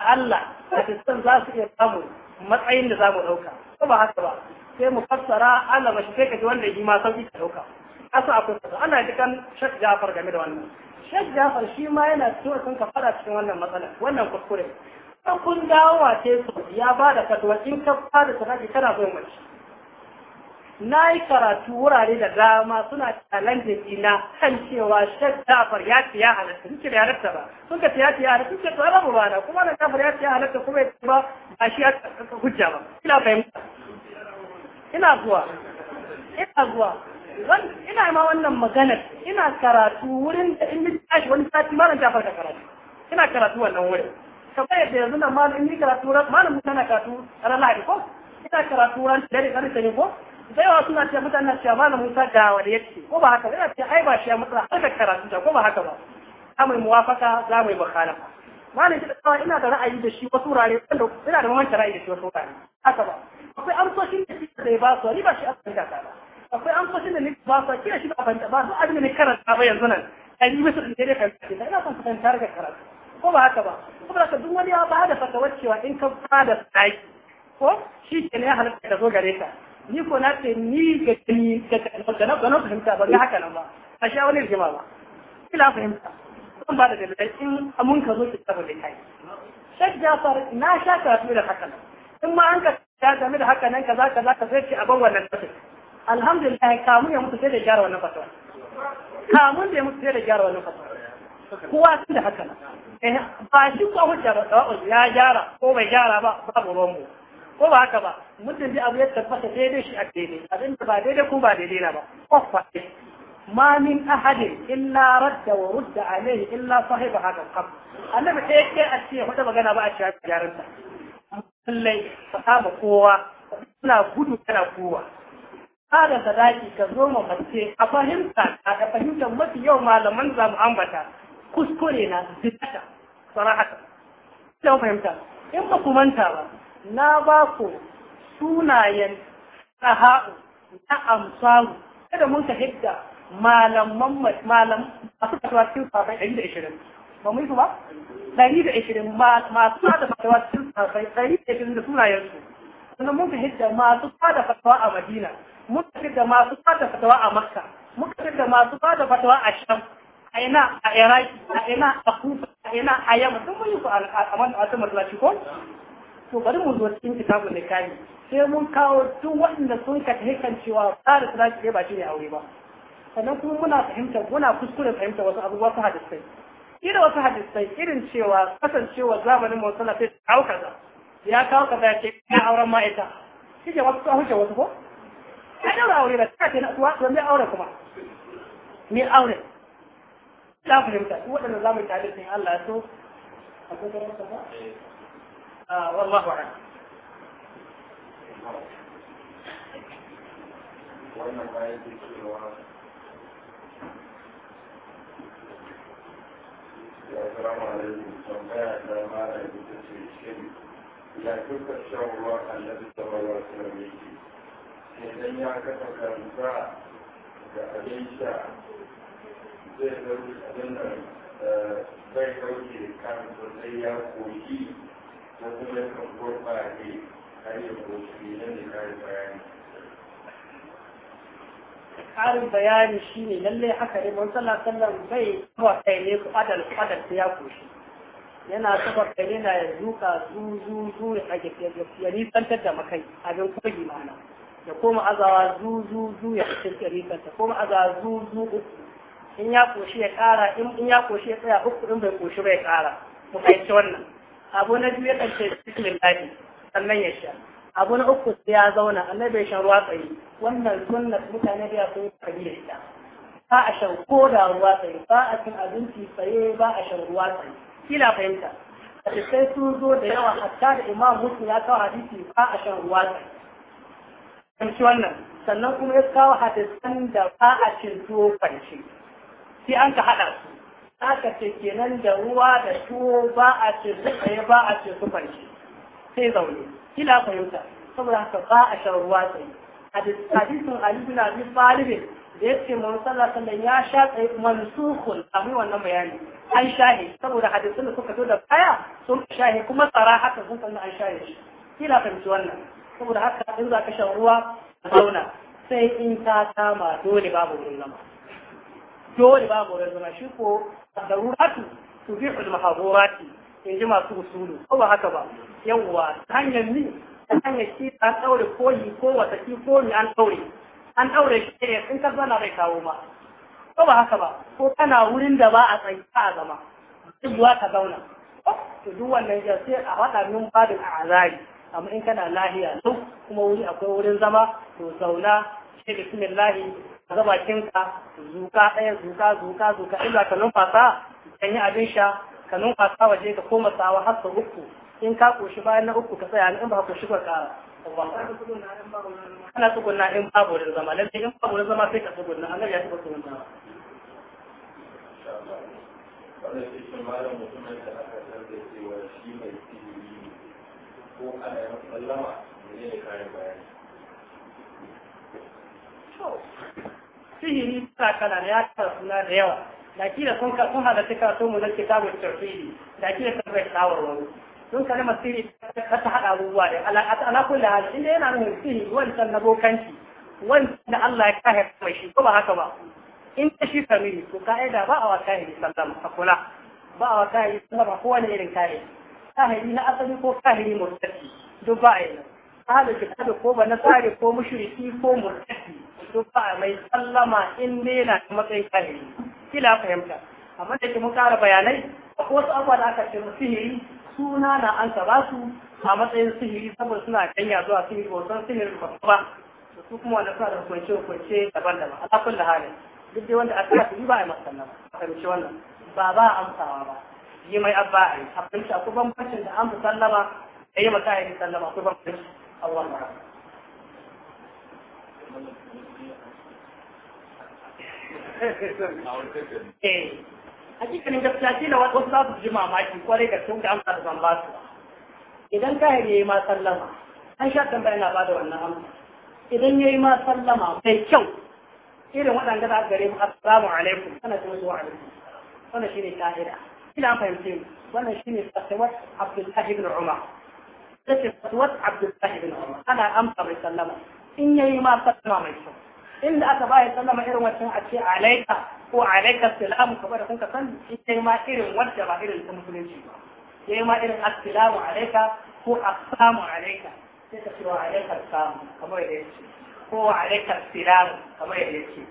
Allah san za su iya samu matsayin da za mu dauka ko ba haka ba sai mu fassara Allah ba shi sai ka ji wanda yi ma sauki ka dauka asu akwai kusa ana dukan shak Jafar game da wannan shak Jafar shi ma yana so sun ka fara cikin wannan matsalar wannan kuskure kan kun dawo wace su ya ba da fatwa in ka ba da sadaki kana bai mace na yi karatu wurare da dama suna challenge ina kan cewa shek jafar ya ce ya halatta suke da yarasta ba sun ka ya ce ya halatta suke tsara mu bana kuma na jafar ya ce ya halatta kuma ya ba ba shi ya hujja ba ina fahimta ina zuwa ina zuwa ina ma wannan maganar ina karatu wurin da in tashi wani sati mara jafar ka karatu ina karatu wannan wurin kamar yadda yanzu nan malam in yi karatu ran malam mun tana karatu ran lahadi ko ina karatu ran dare karfe sanin ko da yawa suna ce mutane cewa malam Musa ga wanda yake ko ba haka ba? ina cewa ai ba shi ya matsala har da karatu ta ko ba haka ba za mu yi muwafaka za mu yi mukhalafa malam shi da ina da ra'ayi da shi wasu wurare wanda ina da mamanta ra'ayi da shi wasu wurare haka ba akwai amsoshin da shi da ya ba su ni ba shi a fahimta ta ba akwai amsoshin da ni ba su kila shi ba fahimta ba su abin da ni karanta ba yanzu nan ɗari bisa ɗari da fahimta ina son fahimta da karatu ko ba haka ba saboda ka duk wani ya ba da fatawar cewa in ka ba da tsaki ko shi ke ne ya ka zo gare ka ni ko na ce ni ga ni ga na ga na fahimta ba ga haka nan ba a sha wani rigima ba kila fahimta zan ba da dalilai in amun ka zo ki tsaba da kai shek jafar na sha fi da haka nan in ma an ka ya game da haka nan kaza kaza ka sai ce a ban wannan fatin alhamdulillah kamun ya mutu sai da gyara wannan fatin kamun da ya mutu sai da gyara wannan fata kowa su da haka eh, ba shi ko hujja ba tsawon ya gyara ko bai gyara ba babu ruwan ko ba haka ba mutum da abu ya tabbata daidai shi a daidai abin da ba daidai ko ba daidai na ba kofa ma min ahadin illa radda wa rudda alaihi illa sahiba hada kam annabi sai yake a ce wata magana ba a cewa gyaran ta lallai sahaba kowa suna gudu kana kowa kada sadaki ka zo mu mace a fahimta a fahimta mafi yau malaman zamu ambata kuskure na bidata sarahata da fahimta in ba ku manta ba na ba ku sunayen sahau na amsalu kada mun ka hidda malaman malam masu fatawa cikin safai ɗari da ishirin ba mu yi su ba ɗari da ishirin masu fada fatawa cikin safai ɗari da ishirin da sunayensu sannan mun ka hidda masu fada fatawa a madina mun ka hidda masu fada fatawa a makka mun ka hidda masu fada fatawa a sham a ina a iraki a ina a kufa a ina a yamma sun mun yi su a man a ta masallaci ko to bari mu zo cikin kitabun da kai sai mun kawo duk waɗanda sun ka tahikan cewa tsarin salati ba shi ne aure ba sannan kuma muna fahimta muna kuskure fahimta wasu abubuwa su hadisai irin wasu hadisai irin cewa kasancewa zamanin mu sallah sai kawo kaza ya kawo kaza ya ce ya auren ma'aita shi ke wasu tsohon wasu ko ya daura aure ba ta ce na uwa to me aure kuma me aure ta fahimta su waɗanda za mu yi tare da Allah ya so akwai da rasa ba a wallahu a'lam
wannan bayan da cewa السلام عليكم جميعا لما رأيت الشيء إذا كنت الشعور الذي تغيرت لديك إذا يعكسك النساء كأبيشا zai ɗauki abin da eh, zai ɗauki da kan sosai ya koshi ko kuma kan gurɓace har ya koshi nan da karin bayani.
Karin bayani shi ne lallai haka ne mun sallah sallan bai kuma kai ne ku adal adal ya koshi. Yana saba kai ne na ya duka zu zu zu ya kage ya nisantar da makai abin kwaji mana. Ya koma azawa zu zu zu ya cikin rikansa, koma azawa zu zu uku in ya koshi ya kara in ya koshi ya tsaya uku in bai koshi bai kara. mu fahimci wannan abu na biyu ce cikin lafi sannan ya sha abu na uku sai ya zauna annabi bai shan ruwa tsaye wannan sunna mutane da su koyi kabila ita ba a shan ko da ruwa tsaye ba a cin abinci tsaye ba a shan ruwa tsaye kila fahimta cikin su zo da yawa hatta da imam musu ya kawo hadisi ba a shan ruwa tsaye fahimci wannan sannan kuma ya kawo hadisan da ba a cin tuwo kwanci sai an ka haɗa su aka ce kenan da ruwa da tuwo ba a ce su tsaye ba a ce su farshi sai zaune kila fahimta saboda haka ba a shan ruwa tsaye hadisin ali bin abi talib da yake mun sallah sallan ya sha tsaye mansukun amma wannan bayani an shahe saboda hadisin da suka zo da baya sun shahe kuma tsara haka sun san an shahe shi kila fahimci wannan saboda haka in za ka shan ruwa zauna sai in ta kama dole babu ruwan dole ba mu zama shi ko daruratu fi al-mahdurati in ji masu usulu ko ba haka ba ta hanyar ni hanyar shi an daure koyi ko wata shi ko an daure an daure shi ne in ka zana bai kawo ma ko ba haka ba ko kana wurin da ba a tsayi a zama dubuwa ta zauna to duk wannan jiya sai a haɗa min a azari amma in kana lahiya lau kuma wuri akwai wurin zama to zauna shi ga ka zuka ɗaya zuka zuka zuka illa ka numfasa kan yi abin sha ka numfasa waje ka koma sawa har sau uku in ka koshi bayan na uku ka tsaya in ba ka koshi ba ƙara
ana tsugunna in babu da
zama lalle in babu da zama sai ka tsugunna annabi ya taɓa tsugunna
ko ana yi sallama ne ne kayan bayani
sihiri ta kala da ya kara suna da yawa da kila sun ka sun halatta ka so mu na kitabul tauhidi da kila sun bai shawarwari sun kalmar sihiri ta ta haɗa abubuwa da ala ala kullu hal inda yana nuna sihiri wancan na bokanci Wancan da Allah ya kahe mai shi ko ba haka ba in ta shi kamili to ka'ida ba a wa kahe sallam? a kula ba a wa kahe sallam ko wani irin kahe kahiri na asali ko ni murtaki? duk ba a yi nan ahalin kitabi ko ba na tsari ko mushriki ko murtaki. tufa mai sallama in ne na matsayin kare kila fahimta amma da ke mun kara bayanai ko wasu abuwa da aka ce sihiri suna na an ba su a matsayin sihiri saboda suna kanya zuwa sihiri ba san sihiri ba ba su kuma wanda suna da hukunce hukunce daban-daban ala kulli hali, duk dai wanda aka yi ba a ba a fahimci wannan ba ba amsawa ba yi mai abba a yi a fahimci akwai bambancin da an fi sallama da yi a yi sallama akwai bambancin Allah ma'ana. eh hakikanin gaskiya shi da wasu za su ji mamaki kwarai da sun ga amsa da zan ba su idan kahiri ya yi ma sallama an sha tambaya ba da wannan amsa idan ya yi ma sallama mai kyau irin waɗanda za a gare mu assalamu alaikum kana ce musu wa alaikum wannan shine kahira ina an fahimce mu wannan shine fatawat abdullahi ibn umar tace fatawat abdullahi ibn umar ana amsa mai sallama in ya yi ma sallama mai kyau inda aka ba ya sallama irin wancan a ce alaika ko alaika salamu kamar da kun ka sani ita ma irin wadda ba irin ta musulunci ba yayi ma irin assalamu alaika ko assalamu alaika sai ka cewa alaika salamu kamar da yake ko alaika salamu kamar da yake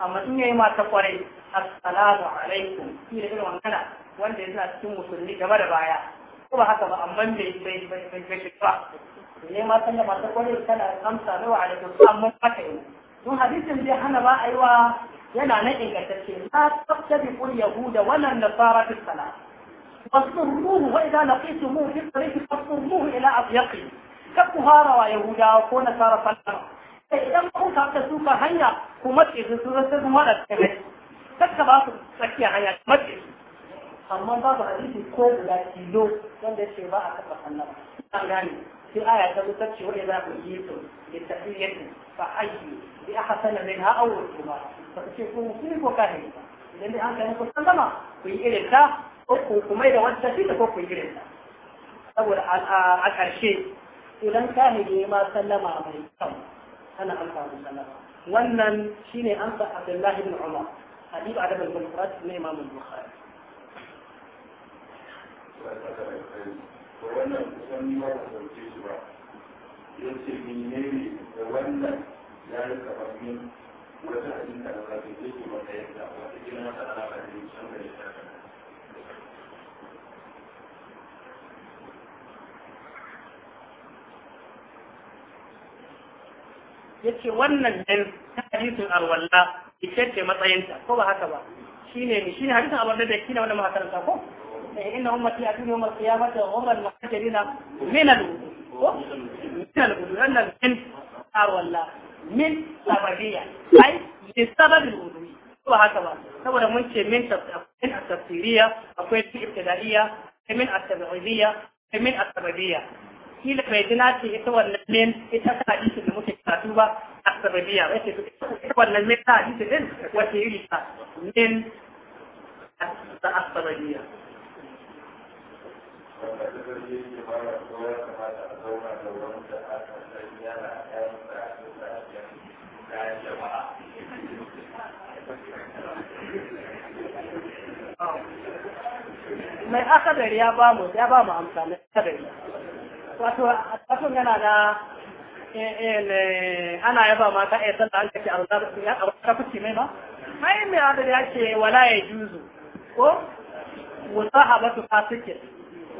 amma in yayi ma ta kwarai assalamu alaikum shi irin wannan wanda yana cikin musulmi gaba da baya ko ba haka ba amma bai bai bai bai ba yayi ma sallama ta kwarai kana amsa ne wa alaikum amma fata yi. don hadisin zai hana ba a yi wa yana na ingantacce la tattabiqul yahuda wa lan nasara fi salat fasmuhu wa idza laqitumuhu fi tariqi fasmuhu ila afyaqi ka ku hara wa yahuda ko nasara Sai idan kun ka su ka hanya ku matse su su sai sun wada kai kakka ba su tsakiya hanya matse su amma babu hadisi ko guda tilo wanda ya ce ba a kafa sallah an gane sai aya ta zo ta ce wa yi laqitum للتحية فحيي بأحسن منها أو رسوما فتشوفوا مسلم وكاهن لأن أنت نقول سلما في إلتا أكو كميرا والتسيط أكو في إلتا أول أكرشي idan ka hige ma mai kyau ana amfani shine amsa Abdullah ibn Umar
hadith ya ce menene da wannan ya yi kamannin wata hadin da aka ce wata yadda wata gina masa alaƙa da yin san da ya shafa
ya ce wannan ɗin ta hadisin alwalla ita ce matsayinta ko ba haka ba shi ne shi ne hadisin alwalla da shi ne wani makaranta ko eh, inna ummati atuni yawmal qiyamati wa hum al-muhajirina min al-wudu الوضوء لأن من أولا من سببية أي لسبب الوضوء وهكذا saboda mun ce min tafsirin tafsiriya akwai ta ibtidaiya akwai min at-tabi'iyya akwai min at-sababiyya kila bai dina ce ita wannan min ita ta hadisin da muke karatu ba at-sababiyya wace ita wannan min ta hadisin din wace iri ta min
at-sababiyya wanda ba aka yana
mai akadari ya ba mu ya ba mu amsa mai akadari wato yana da eh, eh, ana yaba ma ka eh sanda an kace a ya ka mai ba mai mai akadari ya ce wala ya juzu ko musahabatu fasikin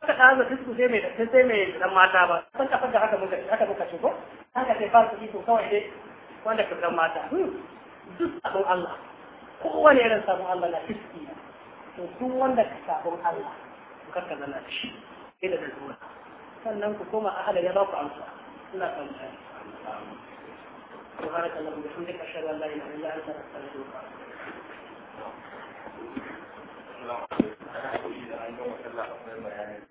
Haka ta hanyar fisku sai mai dattin sai mai dan mata ba. Sun kafar da haka muka haka muka shigo. Haka sai fara su iko kawai dai wanda ka dan mata. Duk sabon Allah. Kowane irin sabon Allah na fiski. To duk wanda ka sabon Allah ku karka zana shi. Sai da zuwa. Sannan ku koma a halin ya ba ku amsa.
Ina kan mutane. سبحانك اللهم وبحمدك اشهد ان لا اله الا انت استغفرك واتوب اليك